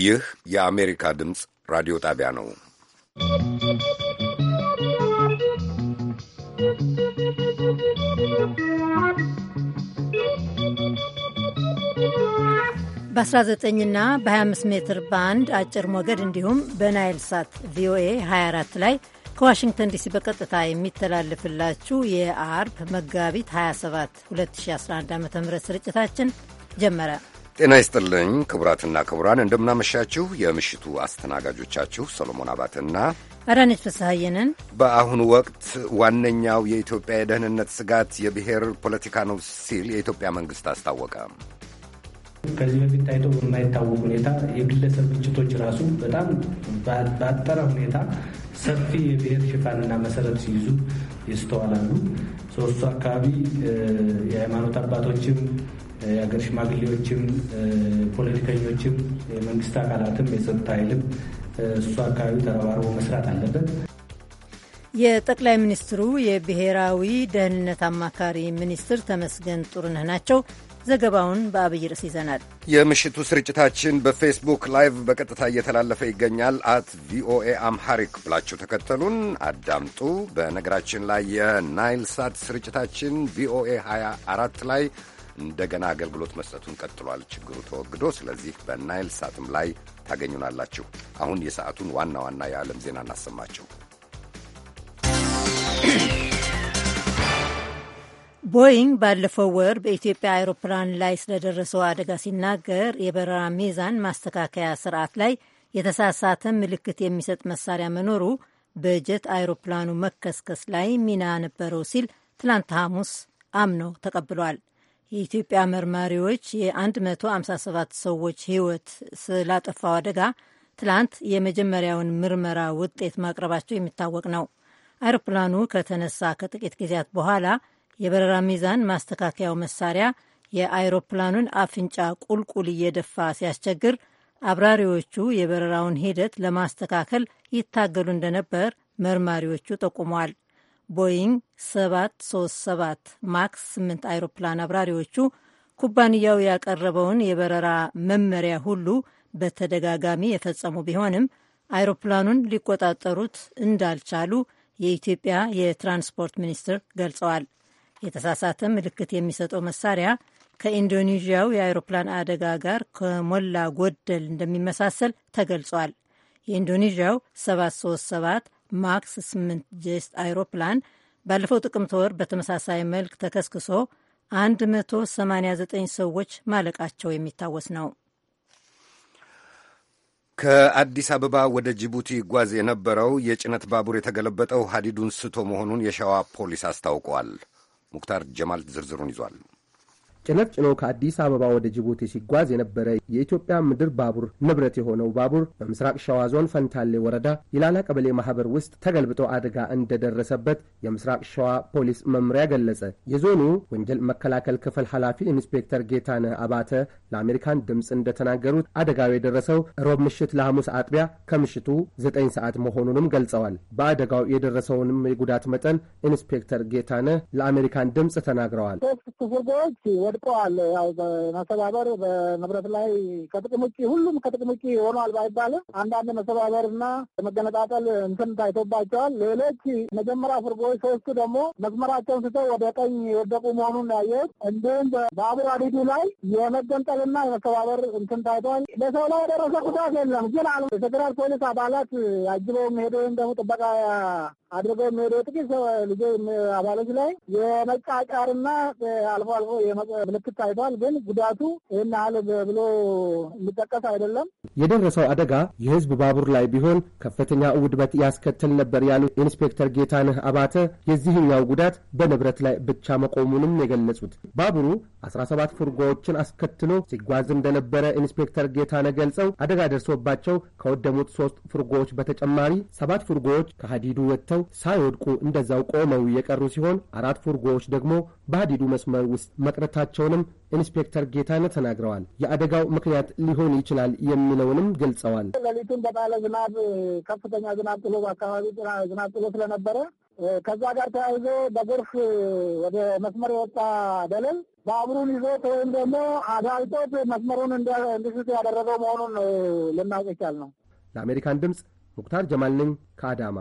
ይህ የአሜሪካ ድምፅ ራዲዮ ጣቢያ ነው። በ19ና በ25 ሜትር ባንድ አጭር ሞገድ እንዲሁም በናይል ሳት ቪኦኤ 24 ላይ ከዋሽንግተን ዲሲ በቀጥታ የሚተላለፍላችሁ የአርብ መጋቢት 27 2011 ዓ ም ስርጭታችን ጀመረ። ጤና ይስጥልኝ ክቡራትና ክቡራን፣ እንደምናመሻችሁ። የምሽቱ አስተናጋጆቻችሁ ሰሎሞን አባትና አዳነች ፍስሐየንን። በአሁኑ ወቅት ዋነኛው የኢትዮጵያ የደህንነት ስጋት የብሔር ፖለቲካ ነው ሲል የኢትዮጵያ መንግሥት አስታወቀ። ከዚህ በፊት ታይቶ በማይታወቅ ሁኔታ የግለሰብ ግጭቶች ራሱ በጣም በአጠረ ሁኔታ ሰፊ የብሔር ሽፋንና መሰረት ሲይዙ ይስተዋላሉ። ሶስቱ አካባቢ የሃይማኖት አባቶችም የሀገር ሽማግሌዎችም ፖለቲከኞችም የመንግስት አካላትም የጸጥታ ኃይልም እሱ አካባቢ ተረባርቦ መስራት አለበት። የጠቅላይ ሚኒስትሩ የብሔራዊ ደህንነት አማካሪ ሚኒስትር ተመስገን ጥሩነህ ናቸው። ዘገባውን በአብይ ርዕስ ይዘናል። የምሽቱ ስርጭታችን በፌስቡክ ላይቭ በቀጥታ እየተላለፈ ይገኛል። አት ቪኦኤ አምሃሪክ ብላችሁ ተከተሉን አዳምጡ። በነገራችን ላይ የናይል ሳት ስርጭታችን ቪኦኤ 24 ላይ እንደገና አገልግሎት መስጠቱን ቀጥሏል። ችግሩ ተወግዶ፣ ስለዚህ በናይል ሳትም ላይ ታገኙናላችሁ። አሁን የሰዓቱን ዋና ዋና የዓለም ዜና እናሰማችሁ። ቦይንግ ባለፈው ወር በኢትዮጵያ አውሮፕላን ላይ ስለደረሰው አደጋ ሲናገር የበረራ ሚዛን ማስተካከያ ስርዓት ላይ የተሳሳተ ምልክት የሚሰጥ መሳሪያ መኖሩ በጀት አውሮፕላኑ መከስከስ ላይ ሚና ነበረው ሲል ትላንት ሐሙስ አምኖ ተቀብሏል። የኢትዮጵያ መርማሪዎች የ157 ሰዎች ሕይወት ስላጠፋው አደጋ ትላንት የመጀመሪያውን ምርመራ ውጤት ማቅረባቸው የሚታወቅ ነው። አይሮፕላኑ ከተነሳ ከጥቂት ጊዜያት በኋላ የበረራ ሚዛን ማስተካከያው መሳሪያ የአይሮፕላኑን አፍንጫ ቁልቁል እየደፋ ሲያስቸግር አብራሪዎቹ የበረራውን ሂደት ለማስተካከል ይታገሉ እንደነበር መርማሪዎቹ ጠቁመዋል። ቦይንግ 737 ማክስ 8 አይሮፕላን አብራሪዎቹ ኩባንያው ያቀረበውን የበረራ መመሪያ ሁሉ በተደጋጋሚ የፈጸሙ ቢሆንም አይሮፕላኑን ሊቆጣጠሩት እንዳልቻሉ የኢትዮጵያ የትራንስፖርት ሚኒስትር ገልጸዋል። የተሳሳተ ምልክት የሚሰጠው መሳሪያ ከኢንዶኔዥያው የአውሮፕላን አደጋ ጋር ከሞላ ጎደል እንደሚመሳሰል ተገልጿል። የኢንዶኔዥያው 737 ማክስ 8 ጄስት አይሮፕላን ባለፈው ጥቅምት ወር በተመሳሳይ መልክ ተከስክሶ 189 ሰዎች ማለቃቸው የሚታወስ ነው። ከአዲስ አበባ ወደ ጅቡቲ ይጓዝ የነበረው የጭነት ባቡር የተገለበጠው ሀዲዱን ስቶ መሆኑን የሸዋ ፖሊስ አስታውቋል። ሙክታር ጀማል ዝርዝሩን ይዟል። ጭነት ጭኖ ከአዲስ አበባ ወደ ጅቡቲ ሲጓዝ የነበረ የኢትዮጵያ ምድር ባቡር ንብረት የሆነው ባቡር በምስራቅ ሸዋ ዞን ፈንታሌ ወረዳ ይላላ ቀበሌ ማህበር ውስጥ ተገልብጦ አደጋ እንደደረሰበት የምስራቅ ሸዋ ፖሊስ መምሪያ ገለጸ። የዞኑ ወንጀል መከላከል ክፍል ኃላፊ ኢንስፔክተር ጌታነህ አባተ ለአሜሪካን ድምፅ እንደተናገሩት አደጋው የደረሰው ሮብ ምሽት ለሐሙስ አጥቢያ ከምሽቱ ዘጠኝ ሰዓት መሆኑንም ገልጸዋል። በአደጋው የደረሰውንም የጉዳት መጠን ኢንስፔክተር ጌታነህ ለአሜሪካን ድምፅ ተናግረዋል። ወድቀዋል። ያው መሰባበር በንብረት ላይ ከጥቅም ውጭ ሁሉም ከጥቅም ውጭ ሆኗል ባይባልም አንዳንድ መሰባበር እና መገነጣጠል እንትን ታይቶባቸዋል። ሌሎች መጀመሪያ ፍርጎች፣ ሶስቱ ደግሞ መስመራቸውን ስተው ወደ ቀኝ የወደቁ መሆኑን ያየት እንዲሁም በባቡር አዲዱ ላይ የመገንጠልና የመሰባበር እንትን ታይቷል። በሰው ላይ የደረሰ ጉዳት የለም። ግን የፌዴራል ፖሊስ አባላት አጅበው ሄደ ወይም ደግሞ ጥበቃ አድርገው የሚሄደው ጥቂት አባሎች ላይ የመቃቃርና አልፎ አልፎ ምልክት ታይቷል። ግን ጉዳቱ ይህን ያህል ብሎ የሚጠቀስ አይደለም። የደረሰው አደጋ የህዝብ ባቡር ላይ ቢሆን ከፍተኛ ውድመት ያስከትል ነበር ያሉት ኢንስፔክተር ጌታነህ አባተ የዚህኛው ጉዳት በንብረት ላይ ብቻ መቆሙንም የገለጹት ባቡሩ 17 ፉርጎዎችን አስከትሎ ሲጓዝ እንደነበረ ኢንስፔክተር ጌታነህ ገልጸው አደጋ ደርሶባቸው ከወደሙት ሶስት ፉርጎዎች በተጨማሪ ሰባት ፉርጎዎች ከሀዲዱ ወጥተው እንኳን ሳይወድቁ እንደዛው ቆመው የቀሩ ሲሆን አራት ፉርጎዎች ደግሞ በሀዲዱ መስመር ውስጥ መቅረታቸውንም ኢንስፔክተር ጌታነ ተናግረዋል። የአደጋው ምክንያት ሊሆን ይችላል የሚለውንም ገልጸዋል። ሌሊቱን በጣለ ዝናብ ከፍተኛ ዝናብ ጥሎ በአካባቢ ዝናብ ጥሎ ስለነበረ ከዛ ጋር ተያይዞ በጎርፍ ወደ መስመር የወጣ ደለል ባቡሩን ይዞት ወይም ደግሞ አጋልጦት መስመሩን እንዲስት ያደረገው መሆኑን ልናውቅ ይቻል ነው። ለአሜሪካን ድምፅ ሙክታር ጀማል ነኝ ከአዳማ።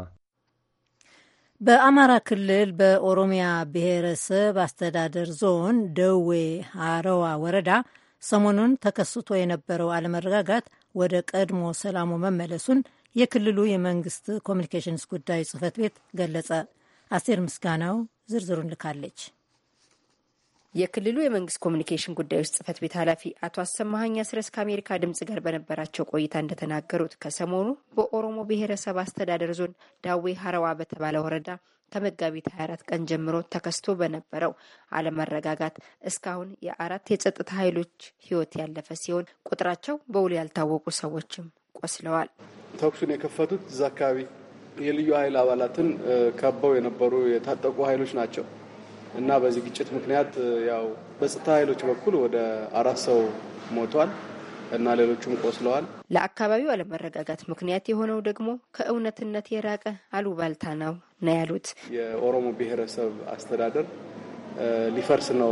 በአማራ ክልል በኦሮሚያ ብሔረሰብ አስተዳደር ዞን ደዌ ሀረዋ ወረዳ ሰሞኑን ተከስቶ የነበረው አለመረጋጋት ወደ ቀድሞ ሰላሙ መመለሱን የክልሉ የመንግስት ኮሚኒኬሽንስ ጉዳይ ጽህፈት ቤት ገለጸ። አስቴር ምስጋናው ዝርዝሩን ልካለች። የክልሉ የመንግስት ኮሚኒኬሽን ጉዳዮች ጽህፈት ቤት ኃላፊ አቶ አሰማሀኝ ስረስ ከአሜሪካ ድምጽ ጋር በነበራቸው ቆይታ እንደተናገሩት ከሰሞኑ በኦሮሞ ብሔረሰብ አስተዳደር ዞን ዳዌ ሀረዋ በተባለ ወረዳ ከመጋቢት 24 ቀን ጀምሮ ተከስቶ በነበረው አለመረጋጋት እስካሁን የአራት የጸጥታ ኃይሎች ህይወት ያለፈ ሲሆን ቁጥራቸው በውል ያልታወቁ ሰዎችም ቆስለዋል። ተኩሱን የከፈቱት እዛ አካባቢ የልዩ ኃይል አባላትን ከበው የነበሩ የታጠቁ ኃይሎች ናቸው። እና በዚህ ግጭት ምክንያት ያው በጸጥታ ኃይሎች በኩል ወደ አራት ሰው ሞቷል እና ሌሎቹም ቆስለዋል። ለአካባቢው አለመረጋጋት ምክንያት የሆነው ደግሞ ከእውነትነት የራቀ አሉባልታ ነው ነው ያሉት። የኦሮሞ ብሔረሰብ አስተዳደር ሊፈርስ ነው፣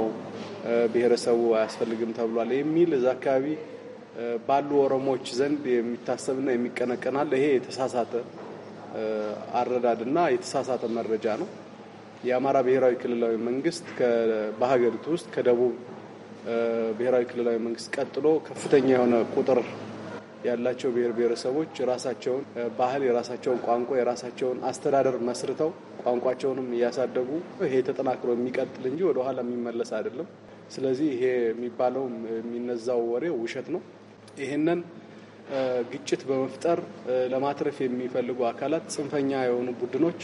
ብሔረሰቡ አያስፈልግም ተብሏል የሚል እዛ አካባቢ ባሉ ኦሮሞዎች ዘንድ የሚታሰብና የሚቀነቀናል። ይሄ የተሳሳተ አረዳድና የተሳሳተ መረጃ ነው። የአማራ ብሔራዊ ክልላዊ መንግስት በሀገሪቱ ውስጥ ከደቡብ ብሔራዊ ክልላዊ መንግስት ቀጥሎ ከፍተኛ የሆነ ቁጥር ያላቸው ብሔር ብሔረሰቦች የራሳቸውን ባህል፣ የራሳቸውን ቋንቋ፣ የራሳቸውን አስተዳደር መስርተው ቋንቋቸውንም እያሳደጉ ይሄ ተጠናክሮ የሚቀጥል እንጂ ወደኋላ የሚመለስ አይደለም። ስለዚህ ይሄ የሚባለው የሚነዛው ወሬ ውሸት ነው። ይህንን ግጭት በመፍጠር ለማትረፍ የሚፈልጉ አካላት ጽንፈኛ የሆኑ ቡድኖች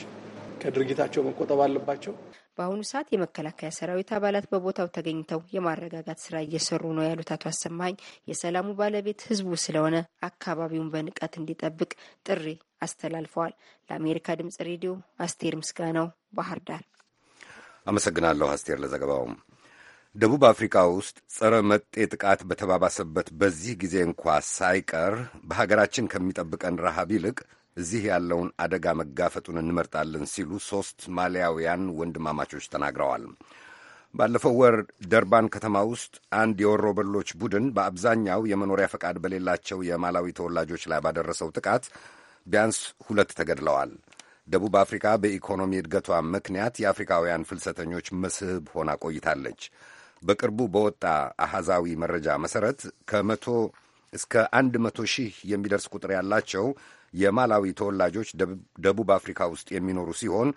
ከድርጊታቸው መቆጠብ አለባቸው። በአሁኑ ሰዓት የመከላከያ ሰራዊት አባላት በቦታው ተገኝተው የማረጋጋት ስራ እየሰሩ ነው ያሉት አቶ አሰማኝ የሰላሙ ባለቤት ህዝቡ ስለሆነ አካባቢውን በንቃት እንዲጠብቅ ጥሪ አስተላልፈዋል። ለአሜሪካ ድምጽ ሬዲዮ አስቴር ምስጋናው ባህር ዳር። አመሰግናለሁ አስቴር ለዘገባው። ደቡብ አፍሪካ ውስጥ ጸረ መጤ ጥቃት በተባባሰበት በዚህ ጊዜ እንኳ ሳይቀር በሀገራችን ከሚጠብቀን ረሃብ ይልቅ እዚህ ያለውን አደጋ መጋፈጡን እንመርጣለን ሲሉ ሦስት ማሊያውያን ወንድማማቾች ተናግረዋል። ባለፈው ወር ደርባን ከተማ ውስጥ አንድ የወሮ በሎች ቡድን በአብዛኛው የመኖሪያ ፈቃድ በሌላቸው የማላዊ ተወላጆች ላይ ባደረሰው ጥቃት ቢያንስ ሁለት ተገድለዋል። ደቡብ አፍሪካ በኢኮኖሚ እድገቷ ምክንያት የአፍሪካውያን ፍልሰተኞች መስህብ ሆና ቆይታለች። በቅርቡ በወጣ አሃዛዊ መረጃ መሠረት ከመቶ እስከ አንድ መቶ ሺህ የሚደርስ ቁጥር ያላቸው የማላዊ ተወላጆች ደቡብ አፍሪካ ውስጥ የሚኖሩ ሲሆን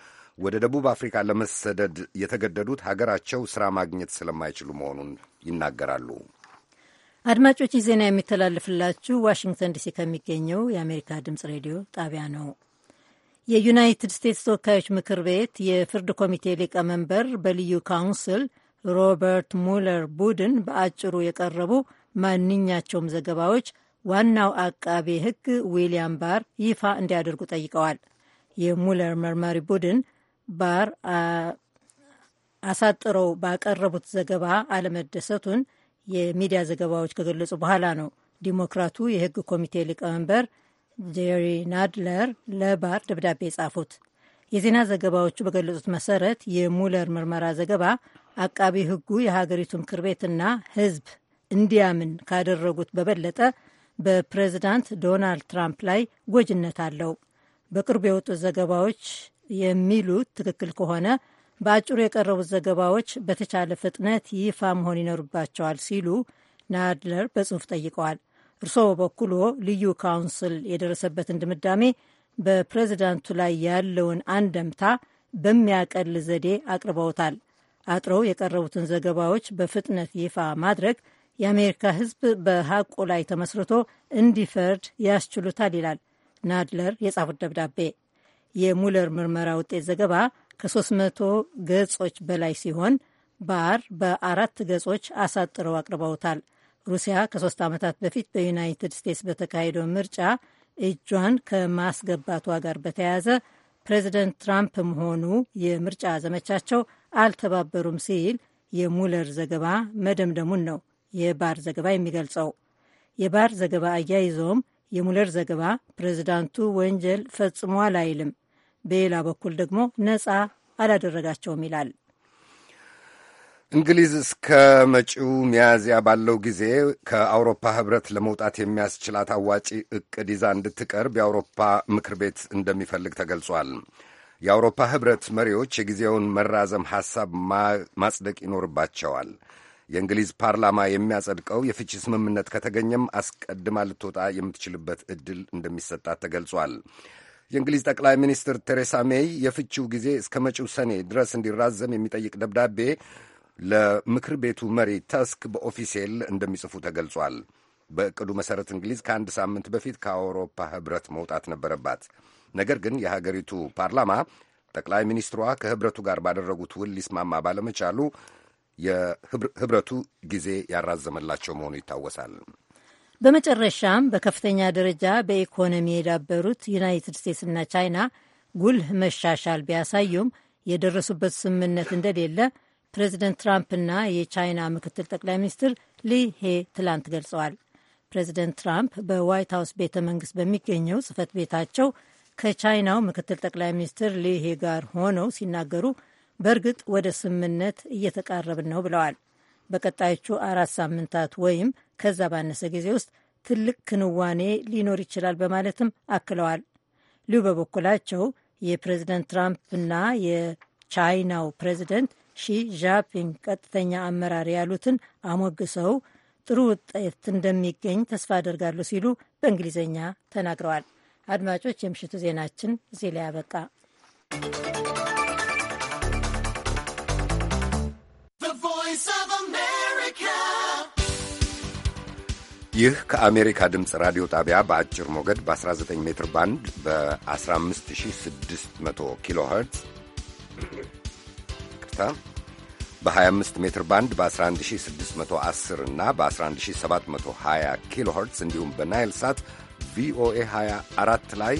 ወደ ደቡብ አፍሪካ ለመሰደድ የተገደዱት ሀገራቸው ስራ ማግኘት ስለማይችሉ መሆኑን ይናገራሉ። አድማጮች ዜና የሚተላለፍላችሁ ዋሽንግተን ዲሲ ከሚገኘው የአሜሪካ ድምጽ ሬዲዮ ጣቢያ ነው። የዩናይትድ ስቴትስ ተወካዮች ምክር ቤት የፍርድ ኮሚቴ ሊቀመንበር በልዩ ካውንስል ሮበርት ሙለር ቡድን በአጭሩ የቀረቡ ማንኛቸውም ዘገባዎች ዋናው አቃቤ ሕግ ዊሊያም ባር ይፋ እንዲያደርጉ ጠይቀዋል። የሙለር መርማሪ ቡድን ባር አሳጥረው ባቀረቡት ዘገባ አለመደሰቱን የሚዲያ ዘገባዎች ከገለጹ በኋላ ነው ዲሞክራቱ የሕግ ኮሚቴ ሊቀመንበር ጄሪ ናድለር ለባር ደብዳቤ የጻፉት። የዜና ዘገባዎቹ በገለጹት መሰረት የሙለር ምርመራ ዘገባ አቃቢ ሕጉ የሀገሪቱ ምክር ቤትና ሕዝብ እንዲያምን ካደረጉት በበለጠ በፕሬዝዳንት ዶናልድ ትራምፕ ላይ ጎጅነት አለው። በቅርቡ የወጡት ዘገባዎች የሚሉት ትክክል ከሆነ በአጭሩ የቀረቡት ዘገባዎች በተቻለ ፍጥነት ይፋ መሆን ይኖርባቸዋል ሲሉ ናድለር በጽሑፍ ጠይቀዋል። እርስዎ በበኩሎ ልዩ ካውንስል የደረሰበትን ድምዳሜ በፕሬዝዳንቱ ላይ ያለውን አንደምታ በሚያቀል ዘዴ አቅርበውታል። አጥረው የቀረቡትን ዘገባዎች በፍጥነት ይፋ ማድረግ የአሜሪካ ሕዝብ በሐቁ ላይ ተመስርቶ እንዲፈርድ ያስችሉታል ይላል ናድለር የጻፉት ደብዳቤ። የሙለር ምርመራ ውጤት ዘገባ ከ300 ገጾች በላይ ሲሆን ባር በአራት ገጾች አሳጥረው አቅርበውታል። ሩሲያ ከሶስት ዓመታት በፊት በዩናይትድ ስቴትስ በተካሄደው ምርጫ እጇን ከማስገባቷ ጋር በተያያዘ ፕሬዚደንት ትራምፕም ሆኑ የምርጫ ዘመቻቸው አልተባበሩም ሲል የሙለር ዘገባ መደምደሙን ነው የባር ዘገባ የሚገልጸው። የባር ዘገባ አያይዘውም የሙለር ዘገባ ፕሬዚዳንቱ ወንጀል ፈጽሟል አይልም፣ በሌላ በኩል ደግሞ ነጻ አላደረጋቸውም ይላል። እንግሊዝ እስከ መጪው ሚያዝያ ባለው ጊዜ ከአውሮፓ ህብረት ለመውጣት የሚያስችላት አዋጪ እቅድ ይዛ እንድትቀርብ የአውሮፓ ምክር ቤት እንደሚፈልግ ተገልጿል። የአውሮፓ ህብረት መሪዎች የጊዜውን መራዘም ሐሳብ ማጽደቅ ይኖርባቸዋል። የእንግሊዝ ፓርላማ የሚያጸድቀው የፍቺ ስምምነት ከተገኘም አስቀድማ ልትወጣ የምትችልበት ዕድል እንደሚሰጣት ተገልጿል። የእንግሊዝ ጠቅላይ ሚኒስትር ቴሬሳ ሜይ የፍቺው ጊዜ እስከ መጪው ሰኔ ድረስ እንዲራዘም የሚጠይቅ ደብዳቤ ለምክር ቤቱ መሪ ተስክ በኦፊሴል እንደሚጽፉ ተገልጿል። በእቅዱ መሠረት እንግሊዝ ከአንድ ሳምንት በፊት ከአውሮፓ ኅብረት መውጣት ነበረባት። ነገር ግን የሀገሪቱ ፓርላማ ጠቅላይ ሚኒስትሯ ከኅብረቱ ጋር ባደረጉት ውል ሊስማማ ባለመቻሉ የህብረቱ ጊዜ ያራዘመላቸው መሆኑ ይታወሳል። በመጨረሻም በከፍተኛ ደረጃ በኢኮኖሚ የዳበሩት ዩናይትድ ስቴትስና ቻይና ጉልህ መሻሻል ቢያሳዩም የደረሱበት ስምምነት እንደሌለ ፕሬዚደንት ትራምፕና የቻይና ምክትል ጠቅላይ ሚኒስትር ሊሄ ትላንት ገልጸዋል። ፕሬዚደንት ትራምፕ በዋይት ሀውስ ቤተ መንግስት በሚገኘው ጽህፈት ቤታቸው ከቻይናው ምክትል ጠቅላይ ሚኒስትር ሊሄ ጋር ሆነው ሲናገሩ በእርግጥ ወደ ስምምነት እየተቃረብን ነው ብለዋል። በቀጣዮቹ አራት ሳምንታት ወይም ከዛ ባነሰ ጊዜ ውስጥ ትልቅ ክንዋኔ ሊኖር ይችላል በማለትም አክለዋል። ሊዩ በበኩላቸው የፕሬዚደንት ትራምፕና የቻይናው ፕሬዚደንት ሺ ዣፒንግ ቀጥተኛ አመራር ያሉትን አሞግሰው ጥሩ ውጤት እንደሚገኝ ተስፋ አደርጋለሁ ሲሉ በእንግሊዝኛ ተናግረዋል። አድማጮች፣ የምሽቱ ዜናችን እዚህ ላይ ያበቃ። ይህ ከአሜሪካ ድምፅ ራዲዮ ጣቢያ በአጭር ሞገድ በ19 ሜትር ባንድ በ15600 ኪሎ ኸርትዝ በ25 ሜትር ባንድ በ11610 እና በ11720 ኪሎ ኸርትዝ እንዲሁም በናይል ሳት ቪኦኤ 24 ላይ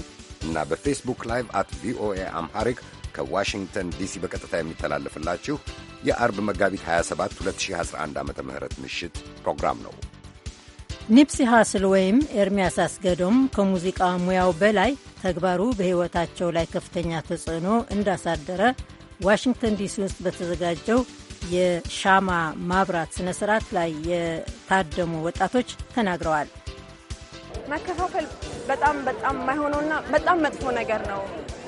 እና በፌስቡክ ላይቭ አት ቪኦኤ አምሃሪክ ከዋሽንግተን ዲሲ በቀጥታ የሚተላለፍላችሁ የአርብ መጋቢት 27 2011 ዓ ም ምሽት ፕሮግራም ነው። ኒፕሲ ሃስል ወይም ኤርሚያስ አስገዶም ከሙዚቃ ሙያው በላይ ተግባሩ በሕይወታቸው ላይ ከፍተኛ ተጽዕኖ እንዳሳደረ ዋሽንግተን ዲሲ ውስጥ በተዘጋጀው የሻማ ማብራት ስነ ስርዓት ላይ የታደሙ ወጣቶች ተናግረዋል። መከፋፈል በጣም በጣም ማይሆነውና በጣም መጥፎ ነገር ነው።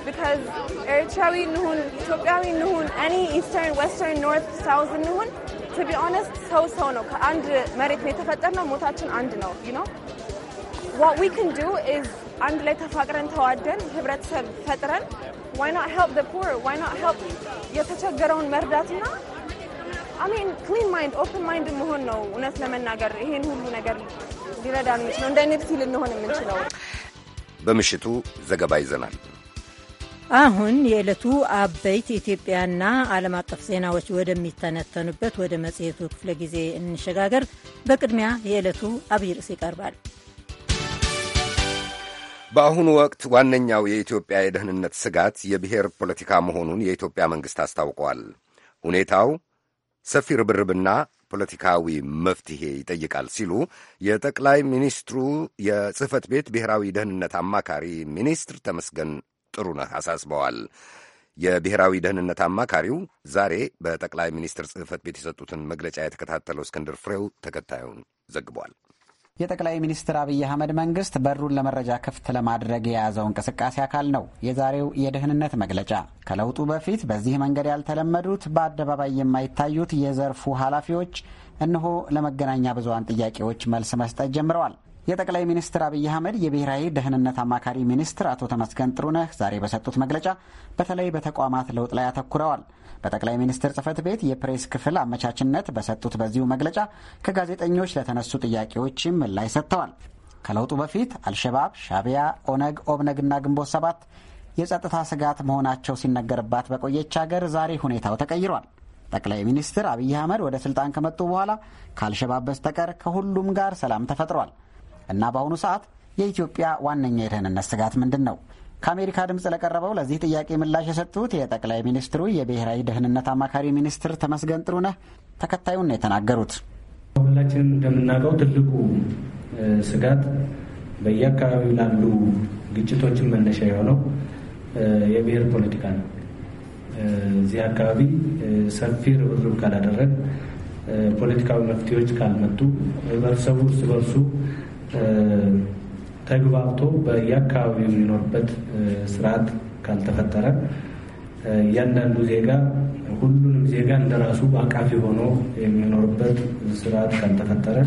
ቢካዝ ኤርትራዊ እንሁን ኢትዮጵያዊ እንሁን አኒ ኢስተርን ወስተርን ኖርት ሳውዝ እንሁን ቱ ቢ ኦነስት ሰው ሰው ነው። ከአንድ መሬት ነው የተፈጠርነው። ሞታችን አንድ ነው። ዩ ኖ ዋት ዊ ካን ዱ ኢዝ አንድ ላይ ተፋቅረን ተዋደን ህብረተሰብ ፈጥረን ዋይ ናት ሄልፕ ዘ ፑር ዋይ ናት ሄልፕ የተቸገረውን መርዳትና አሜን ክሊን ማይንድ ኦፕን ማይንድ መሆን ነው። እውነት ለመናገር ይሄን ሁሉ ነገር ሊረዳን የምችለው እንደ ኔፕቲ ልንሆን የምንችለው በምሽቱ ዘገባ ይዘናል። አሁን የዕለቱ አበይት ኢትዮጵያና ዓለም አቀፍ ዜናዎች ወደሚተነተኑበት ወደ መጽሔቱ ክፍለ ጊዜ እንሸጋገር። በቅድሚያ የዕለቱ አብይ ርዕስ ይቀርባል። በአሁኑ ወቅት ዋነኛው የኢትዮጵያ የደህንነት ስጋት የብሔር ፖለቲካ መሆኑን የኢትዮጵያ መንግሥት አስታውቀዋል። ሁኔታው ሰፊ ርብርብና ፖለቲካዊ መፍትሄ ይጠይቃል ሲሉ የጠቅላይ ሚኒስትሩ የጽህፈት ቤት ብሔራዊ ደህንነት አማካሪ ሚኒስትር ተመስገን ጥሩነህ አሳስበዋል። የብሔራዊ ደህንነት አማካሪው ዛሬ በጠቅላይ ሚኒስትር ጽህፈት ቤት የሰጡትን መግለጫ የተከታተለው እስክንድር ፍሬው ተከታዩን ዘግቧል። የጠቅላይ ሚኒስትር አብይ አህመድ መንግስት በሩን ለመረጃ ክፍት ለማድረግ የያዘው እንቅስቃሴ አካል ነው የዛሬው የደህንነት መግለጫ። ከለውጡ በፊት በዚህ መንገድ ያልተለመዱት በአደባባይ የማይታዩት የዘርፉ ኃላፊዎች እነሆ ለመገናኛ ብዙሃን ጥያቄዎች መልስ መስጠት ጀምረዋል። የጠቅላይ ሚኒስትር አብይ አህመድ የብሔራዊ ደህንነት አማካሪ ሚኒስትር አቶ ተመስገን ጥሩነህ ዛሬ በሰጡት መግለጫ በተለይ በተቋማት ለውጥ ላይ አተኩረዋል። በጠቅላይ ሚኒስትር ጽህፈት ቤት የፕሬስ ክፍል አመቻችነት በሰጡት በዚሁ መግለጫ ከጋዜጠኞች ለተነሱ ጥያቄዎችም ምላሽ ሰጥተዋል። ከለውጡ በፊት አልሸባብ፣ ሻቢያ፣ ኦነግ፣ ኦብነግና ግንቦት ሰባት የጸጥታ ስጋት መሆናቸው ሲነገርባት በቆየች አገር ዛሬ ሁኔታው ተቀይሯል። ጠቅላይ ሚኒስትር አብይ አህመድ ወደ ስልጣን ከመጡ በኋላ ከአልሸባብ በስተቀር ከሁሉም ጋር ሰላም ተፈጥሯል። እና በአሁኑ ሰዓት የኢትዮጵያ ዋነኛ የደህንነት ስጋት ምንድን ነው? ከአሜሪካ ድምፅ ለቀረበው ለዚህ ጥያቄ ምላሽ የሰጡት የጠቅላይ ሚኒስትሩ የብሔራዊ ደህንነት አማካሪ ሚኒስትር ተመስገን ጥሩነህ ተከታዩን ነው የተናገሩት። ሁላችንም እንደምናውቀው ትልቁ ስጋት በየአካባቢው ላሉ ግጭቶችን መነሻ የሆነው የብሔር ፖለቲካ ነው። እዚህ አካባቢ ሰፊ ርብርብ ካላደረግ፣ ፖለቲካዊ መፍትሄዎች ካልመጡ፣ ህብረተሰቡ እርስ በርሱ ተግባብቶ በየአካባቢው የሚኖርበት ስርዓት ካልተፈጠረ እያንዳንዱ ዜጋ ሁሉንም ዜጋ እንደራሱ አቃፊ ሆኖ የሚኖርበት ስርዓት ካልተፈጠረ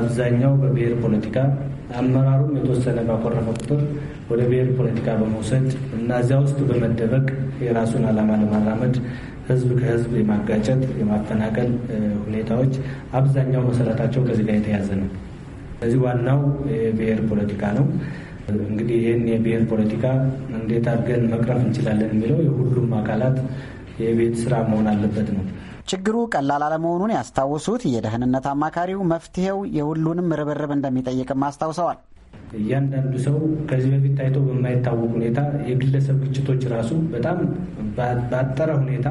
አብዛኛው በብሔር ፖለቲካ አመራሩም የተወሰነ ባኮረፈ ቁጥር ወደ ብሔር ፖለቲካ በመውሰድ እና እዚያ ውስጥ በመደበቅ የራሱን ዓላማ ለማራመድ ህዝብ ከህዝብ የማጋጨት የማፈናቀል ሁኔታዎች አብዛኛው መሰረታቸው ከዚህ ጋር የተያዘ ነው። ስለዚህ ዋናው የብሔር ፖለቲካ ነው። እንግዲህ ይህን የብሔር ፖለቲካ እንዴት አድርገን መቅረፍ እንችላለን የሚለው የሁሉም አካላት የቤት ስራ መሆን አለበት ነው። ችግሩ ቀላል አለመሆኑን ያስታውሱት የደህንነት አማካሪው መፍትሄው የሁሉንም ርብርብ እንደሚጠይቅም አስታውሰዋል። እያንዳንዱ ሰው ከዚህ በፊት ታይቶ በማይታወቅ ሁኔታ የግለሰብ ግጭቶች ራሱ በጣም ባጠረ ሁኔታ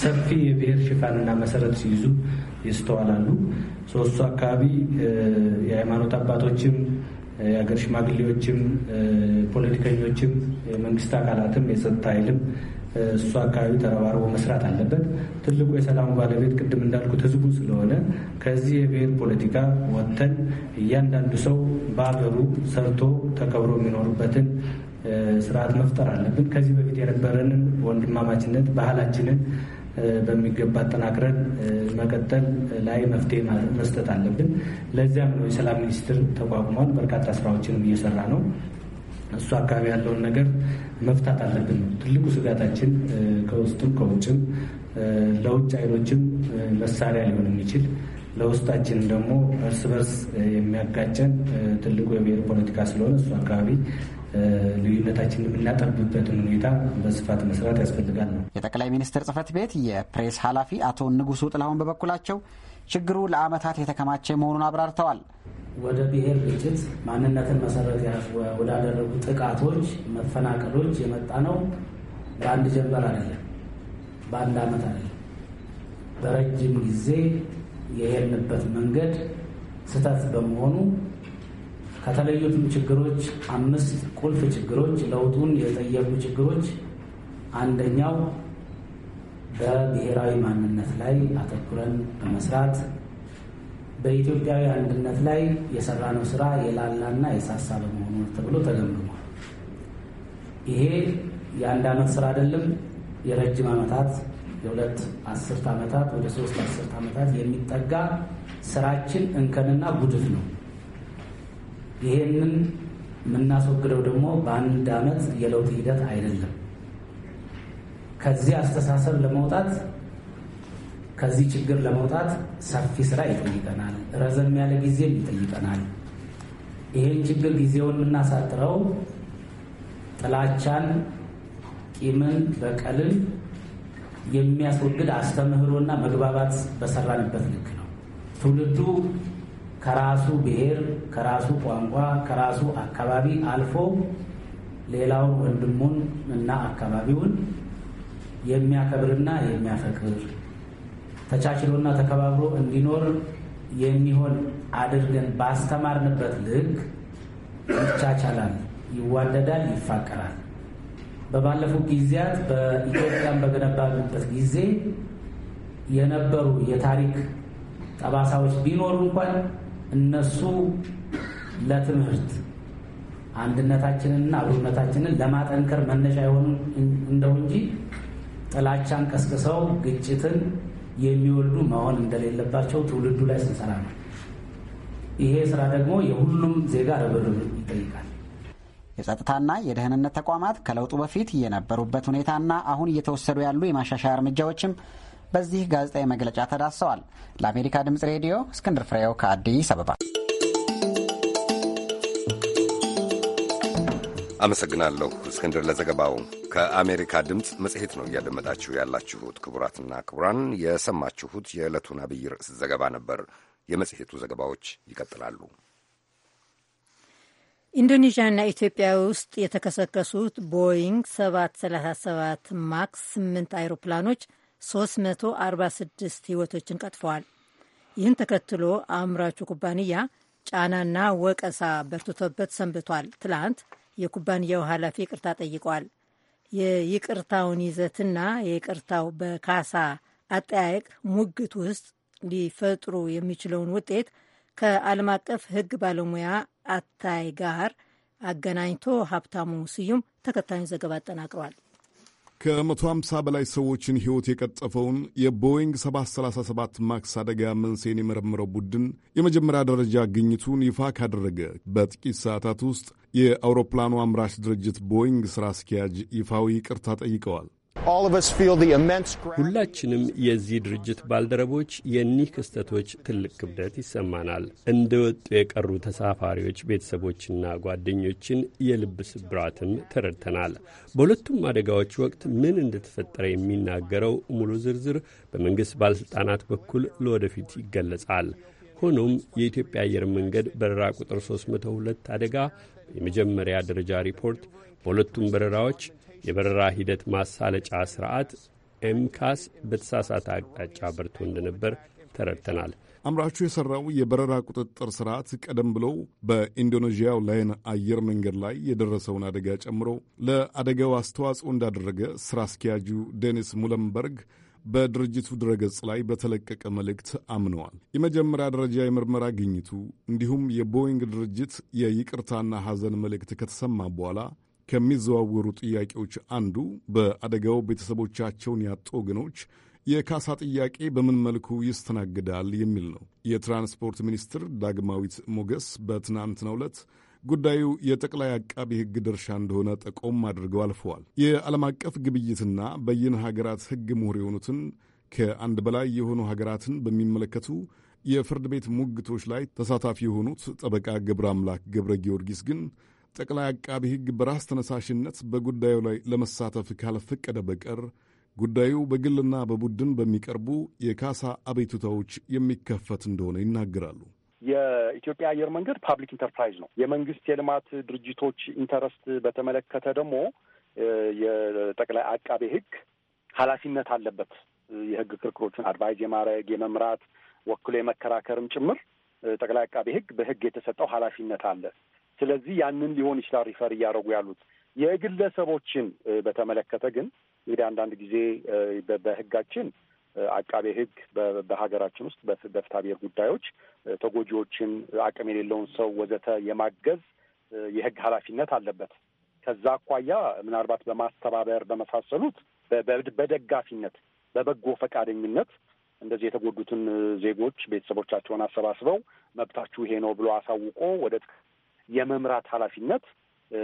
ሰፊ የብሔር ሽፋንና መሰረት ሲይዙ ይስተዋላሉ። ሶስቱ አካባቢ የሃይማኖት አባቶችም የሀገር ሽማግሌዎችም፣ ፖለቲከኞችም፣ የመንግስት አካላትም፣ የጸጥታ ኃይልም እሱ አካባቢ ተረባርቦ መስራት አለበት። ትልቁ የሰላሙ ባለቤት ቅድም እንዳልኩት ህዝቡ ስለሆነ ከዚህ የብሔር ፖለቲካ ወጥተን እያንዳንዱ ሰው በሀገሩ ሰርቶ ተከብሮ የሚኖሩበትን ስርዓት መፍጠር አለብን። ከዚህ በፊት የነበረንን ወንድማማችነት ባህላችንን በሚገባ አጠናክረን መቀጠል ላይ መፍትሄ መስጠት አለብን። ለዚያም ነው የሰላም ሚኒስቴር ተቋቁሟል። በርካታ ስራዎችንም እየሰራ ነው። እሱ አካባቢ ያለውን ነገር መፍታት አለብን ነው ትልቁ ስጋታችን። ከውስጥም ከውጭም ለውጭ ኃይሎችም መሳሪያ ሊሆን የሚችል ለውስጣችን ደግሞ እርስ በርስ የሚያጋጨን ትልቁ የብሔር ፖለቲካ ስለሆነ እሱ አካባቢ ልዩነታችን የምናጠብበትን ሁኔታ በስፋት መስራት ያስፈልጋል ነው። የጠቅላይ ሚኒስትር ጽህፈት ቤት የፕሬስ ኃላፊ አቶ ንጉሱ ጥላሁን በበኩላቸው ችግሩ ለአመታት የተከማቸ መሆኑን አብራርተዋል። ወደ ብሔር ግጭት፣ ማንነትን መሰረት ወዳደረጉ ጥቃቶች፣ መፈናቀሎች የመጣ ነው። በአንድ ጀንበር አይደለም፣ በአንድ አመት አይደለም። በረጅም ጊዜ የሄድንበት መንገድ ስህተት በመሆኑ ከተለዩትም ችግሮች አምስት ቁልፍ ችግሮች ለውጡን የጠየቁ ችግሮች አንደኛው በብሔራዊ ማንነት ላይ አተኩረን በመስራት በኢትዮጵያዊ አንድነት ላይ የሰራነው ስራ የላላና የሳሳ በመሆኑ ተብሎ ተገምግሟል። ይሄ የአንድ ዓመት ስራ አይደለም። የረጅም ዓመታት የሁለት አስርት ዓመታት ወደ ሶስት አስርት ዓመታት የሚጠጋ ስራችን እንከንና ጉድፍ ነው። ይሄንን የምናስወግደው ደግሞ በአንድ ዓመት የለውጥ ሂደት አይደለም። ከዚህ አስተሳሰብ ለመውጣት ከዚህ ችግር ለመውጣት ሰፊ ስራ ይጠይቀናል። ረዘም ያለ ጊዜም ይጠይቀናል። ይህን ችግር ጊዜውን የምናሳጥረው ጥላቻን፣ ቂምን፣ በቀልን የሚያስወግድ አስተምህሮና መግባባት በሰራንበት ልክ ነው። ትውልዱ ከራሱ ብሔር፣ ከራሱ ቋንቋ፣ ከራሱ አካባቢ አልፎ ሌላውን ወንድሙን እና አካባቢውን የሚያከብርና የሚያፈቅር ተቻችሎና ተከባብሮ እንዲኖር የሚሆን አድርገን ባስተማርንበት ልክ ይቻቻላል፣ ይዋደዳል፣ ይፋቀራል። በባለፉት ጊዜያት በኢትዮጵያን በገነባንበት ጊዜ የነበሩ የታሪክ ጠባሳዎች ቢኖሩ እንኳን እነሱ ለትምህርት አንድነታችንንና አብሮነታችንን ለማጠንከር መነሻ የሆኑ እንደው እንጂ ጥላቻን ቀስቅሰው ግጭትን የሚወልዱ መሆን እንደሌለባቸው ትውልዱ ላይ ስንሰራ ነው። ይሄ ስራ ደግሞ የሁሉም ዜጋ ርብርብ ይጠይቃል። የጸጥታና የደህንነት ተቋማት ከለውጡ በፊት የነበሩበት ሁኔታና አሁን እየተወሰዱ ያሉ የማሻሻያ እርምጃዎችም በዚህ ጋዜጣዊ መግለጫ ተዳሰዋል። ለአሜሪካ ድምጽ ሬዲዮ እስክንድር ፍሬው ከአዲስ አበባ አመሰግናለሁ። እስክንድር ለዘገባው። ከአሜሪካ ድምፅ መጽሔት ነው እያደመጣችሁ ያላችሁት። ክቡራትና ክቡራን፣ የሰማችሁት የዕለቱን አብይ ርዕስ ዘገባ ነበር። የመጽሔቱ ዘገባዎች ይቀጥላሉ። ኢንዶኔዥያና ኢትዮጵያ ውስጥ የተከሰከሱት ቦይንግ 737 ማክስ 8 አይሮፕላኖች 346 ሕይወቶችን ቀጥፈዋል። ይህን ተከትሎ አምራቹ ኩባንያ ጫናና ወቀሳ በርትቶበት ሰንብቷል። ትላንት የኩባንያው ኃላፊ ይቅርታ ጠይቀዋል። የይቅርታውን ይዘትና የይቅርታው በካሳ አጠያየቅ ሙግት ውስጥ ሊፈጥሩ የሚችለውን ውጤት ከዓለም አቀፍ ሕግ ባለሙያ አታይ ጋር አገናኝቶ ሀብታሙ ስዩም ተከታዩን ዘገባ አጠናቅሯል። ከ150 በላይ ሰዎችን ሕይወት የቀጠፈውን የቦይንግ 737 ማክስ አደጋ መንስኤን የመረመረው ቡድን የመጀመሪያ ደረጃ ግኝቱን ይፋ ካደረገ በጥቂት ሰዓታት ውስጥ የአውሮፕላኑ አምራች ድርጅት ቦይንግ ሥራ አስኪያጅ ይፋዊ ይቅርታ ጠይቀዋል። ሁላችንም የዚህ ድርጅት ባልደረቦች የእኒህ ክስተቶች ትልቅ ክብደት ይሰማናል። እንደ ወጡ የቀሩ ተሳፋሪዎች ቤተሰቦችና ጓደኞችን የልብ ስብራትም ተረድተናል። በሁለቱም አደጋዎች ወቅት ምን እንደተፈጠረ የሚናገረው ሙሉ ዝርዝር በመንግሥት ባለሥልጣናት በኩል ለወደፊት ይገለጻል። ሆኖም የኢትዮጵያ አየር መንገድ በረራ ቁጥር 302 አደጋ የመጀመሪያ ደረጃ ሪፖርት በሁለቱም በረራዎች የበረራ ሂደት ማሳለጫ ስርዓት ኤምካስ በተሳሳተ አቅጣጫ በርቶ እንደነበር ተረድተናል። አምራቹ የሠራው የበረራ ቁጥጥር ስርዓት ቀደም ብሎ በኢንዶኔዥያው ላይን አየር መንገድ ላይ የደረሰውን አደጋ ጨምሮ ለአደጋው አስተዋጽኦ እንዳደረገ ሥራ አስኪያጁ ዴኒስ ሙለንበርግ በድርጅቱ ድረገጽ ላይ በተለቀቀ መልእክት አምነዋል። የመጀመሪያ ደረጃ የምርመራ ግኝቱ እንዲሁም የቦይንግ ድርጅት የይቅርታና ሐዘን መልእክት ከተሰማ በኋላ ከሚዘዋወሩ ጥያቄዎች አንዱ በአደጋው ቤተሰቦቻቸውን ያጡ ወገኖች የካሳ ጥያቄ በምን መልኩ ይስተናግዳል የሚል ነው። የትራንስፖርት ሚኒስትር ዳግማዊት ሞገስ በትናንትናው ዕለት ጉዳዩ የጠቅላይ አቃቢ ሕግ ድርሻ እንደሆነ ጠቆም አድርገው አልፈዋል። የዓለም አቀፍ ግብይትና በይነ ሀገራት ሕግ ምሁር የሆኑትን ከአንድ በላይ የሆኑ ሀገራትን በሚመለከቱ የፍርድ ቤት ሙግቶች ላይ ተሳታፊ የሆኑት ጠበቃ ገብረ አምላክ ገብረ ጊዮርጊስ ግን ጠቅላይ አቃቢ ሕግ በራስ ተነሳሽነት በጉዳዩ ላይ ለመሳተፍ ካልፈቀደ በቀር ጉዳዩ በግልና በቡድን በሚቀርቡ የካሳ አቤቱታዎች የሚከፈት እንደሆነ ይናገራሉ። የኢትዮጵያ አየር መንገድ ፓብሊክ ኢንተርፕራይዝ ነው። የመንግስት የልማት ድርጅቶች ኢንተረስት በተመለከተ ደግሞ የጠቅላይ አቃቤ ህግ ኃላፊነት አለበት። የህግ ክርክሮችን አድቫይዝ የማድረግ የመምራት፣ ወክሎ የመከራከርም ጭምር ጠቅላይ አቃቤ ህግ በህግ የተሰጠው ኃላፊነት አለ። ስለዚህ ያንን ሊሆን ይችላል ሪፈር እያደረጉ ያሉት። የግለሰቦችን በተመለከተ ግን እንግዲህ አንዳንድ ጊዜ በህጋችን አቃቤ ህግ በሀገራችን ውስጥ በፍትሐ ብሔር ጉዳዮች ተጎጂዎችን፣ አቅም የሌለውን ሰው ወዘተ የማገዝ የህግ ኃላፊነት አለበት። ከዛ አኳያ ምናልባት በማስተባበር በመሳሰሉት በደጋፊነት በበጎ ፈቃደኝነት እንደዚህ የተጎዱትን ዜጎች ቤተሰቦቻቸውን አሰባስበው መብታችሁ ይሄ ነው ብሎ አሳውቆ ወደ የመምራት ኃላፊነት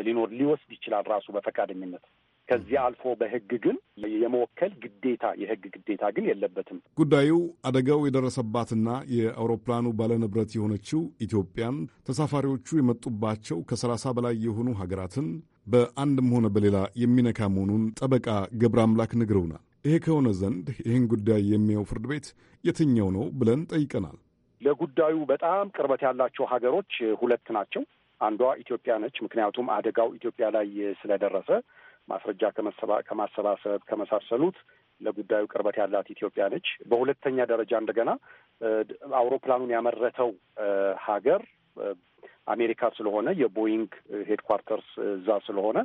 ሊኖር ሊወስድ ይችላል ራሱ በፈቃደኝነት። ከዚያ አልፎ በህግ ግን የመወከል ግዴታ የህግ ግዴታ ግን የለበትም። ጉዳዩ አደጋው የደረሰባትና የአውሮፕላኑ ባለንብረት የሆነችው ኢትዮጵያን ተሳፋሪዎቹ የመጡባቸው ከሰላሳ በላይ የሆኑ ሀገራትን በአንድም ሆነ በሌላ የሚነካ መሆኑን ጠበቃ ገብረ አምላክ ነግረውናል። ይሄ ከሆነ ዘንድ ይህን ጉዳይ የሚያው ፍርድ ቤት የትኛው ነው ብለን ጠይቀናል። ለጉዳዩ በጣም ቅርበት ያላቸው ሀገሮች ሁለት ናቸው። አንዷ ኢትዮጵያ ነች። ምክንያቱም አደጋው ኢትዮጵያ ላይ ስለደረሰ ማስረጃ ከማሰባሰብ ከመሳሰሉት ለጉዳዩ ቅርበት ያላት ኢትዮጵያ ነች። በሁለተኛ ደረጃ እንደገና አውሮፕላኑን ያመረተው ሀገር አሜሪካ ስለሆነ የቦይንግ ሄድኳርተርስ እዛ ስለሆነ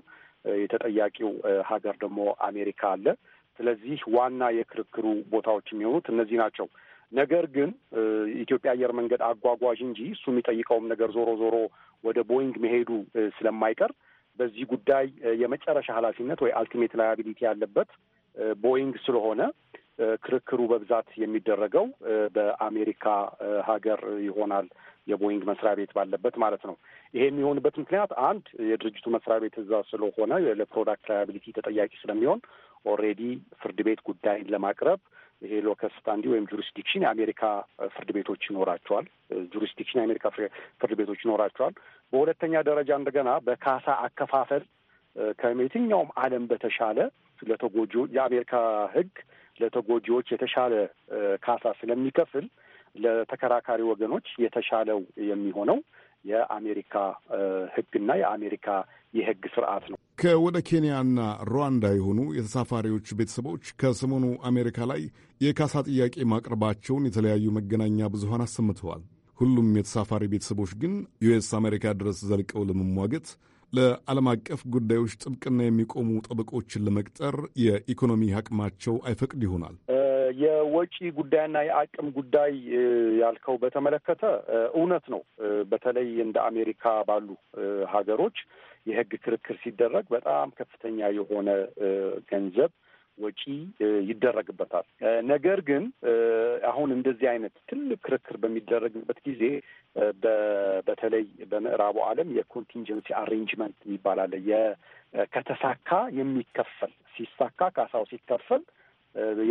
የተጠያቂው ሀገር ደግሞ አሜሪካ አለ። ስለዚህ ዋና የክርክሩ ቦታዎች የሚሆኑት እነዚህ ናቸው። ነገር ግን ኢትዮጵያ አየር መንገድ አጓጓዥ እንጂ እሱ የሚጠይቀውም ነገር ዞሮ ዞሮ ወደ ቦይንግ መሄዱ ስለማይቀር በዚህ ጉዳይ የመጨረሻ ኃላፊነት ወይ አልቲሜት ላያቢሊቲ ያለበት ቦይንግ ስለሆነ ክርክሩ በብዛት የሚደረገው በአሜሪካ ሀገር ይሆናል። የቦይንግ መስሪያ ቤት ባለበት ማለት ነው። ይሄ የሚሆንበት ምክንያት አንድ የድርጅቱ መስሪያ ቤት እዛ ስለሆነ ለፕሮዳክት ላያቢሊቲ ተጠያቂ ስለሚሆን ኦሬዲ ፍርድ ቤት ጉዳይን ለማቅረብ ይሄ ሎከስታንዲ ወይም ጁሪስዲክሽን የአሜሪካ ፍርድ ቤቶች ይኖራቸዋል። ጁሪስዲክሽን የአሜሪካ ፍርድ ቤቶች ይኖራቸዋል። በሁለተኛ ደረጃ እንደገና በካሳ አከፋፈል ከየትኛውም ዓለም በተሻለ ለተጎጆ የአሜሪካ ሕግ ለተጎጂዎች የተሻለ ካሳ ስለሚከፍል ለተከራካሪ ወገኖች የተሻለው የሚሆነው የአሜሪካ ሕግና የአሜሪካ የሕግ ስርዓት ነው። ከወደ ኬንያና ሩዋንዳ የሆኑ የተሳፋሪዎች ቤተሰቦች ከሰሞኑ አሜሪካ ላይ የካሳ ጥያቄ ማቅረባቸውን የተለያዩ መገናኛ ብዙሃን አሰምተዋል። ሁሉም የተሳፋሪ ቤተሰቦች ግን ዩኤስ አሜሪካ ድረስ ዘልቀው ለመሟገት ለዓለም አቀፍ ጉዳዮች ጥብቅና የሚቆሙ ጠበቆችን ለመቅጠር የኢኮኖሚ አቅማቸው አይፈቅድ ይሆናል። የወጪ ጉዳይና የአቅም ጉዳይ ያልከው በተመለከተ እውነት ነው። በተለይ እንደ አሜሪካ ባሉ ሀገሮች የህግ ክርክር ሲደረግ በጣም ከፍተኛ የሆነ ገንዘብ ወጪ ይደረግበታል። ነገር ግን አሁን እንደዚህ አይነት ትልቅ ክርክር በሚደረግበት ጊዜ በተለይ በምዕራቡ ዓለም የኮንቲንጀንሲ አሬንጅመንት የሚባል አለ። ከተሳካ የሚከፈል ሲሳካ ካሳው ሲከፈል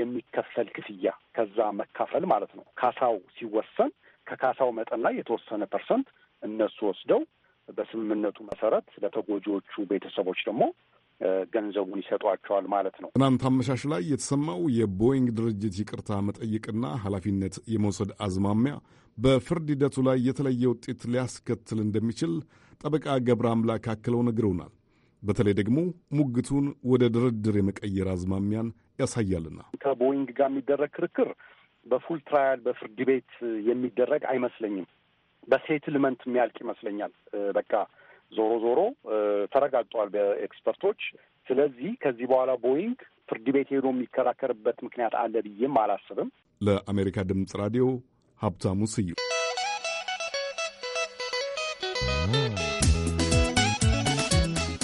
የሚከፈል ክፍያ ከዛ መካፈል ማለት ነው። ካሳው ሲወሰን ከካሳው መጠን ላይ የተወሰነ ፐርሰንት እነሱ ወስደው በስምምነቱ መሰረት ለተጎጂዎቹ ቤተሰቦች ደግሞ ገንዘቡን ይሰጧቸዋል ማለት ነው። ትናንት አመሻሽ ላይ የተሰማው የቦይንግ ድርጅት ይቅርታ መጠየቅና ኃላፊነት የመውሰድ አዝማሚያ በፍርድ ሂደቱ ላይ የተለየ ውጤት ሊያስከትል እንደሚችል ጠበቃ ገብረ አምላክ አክለው ነግረውናል። በተለይ ደግሞ ሙግቱን ወደ ድርድር የመቀየር አዝማሚያን ያሳያልና ከቦይንግ ጋር የሚደረግ ክርክር በፉል ትራያል በፍርድ ቤት የሚደረግ አይመስለኝም። በሴትልመንት የሚያልቅ ይመስለኛል። በቃ ዞሮ ዞሮ ተረጋግጧል በኤክስፐርቶች። ስለዚህ ከዚህ በኋላ ቦይንግ ፍርድ ቤት ሄዶ የሚከራከርበት ምክንያት አለ ብዬም አላስብም። ለአሜሪካ ድምፅ ራዲዮ ሀብታሙ ስዩም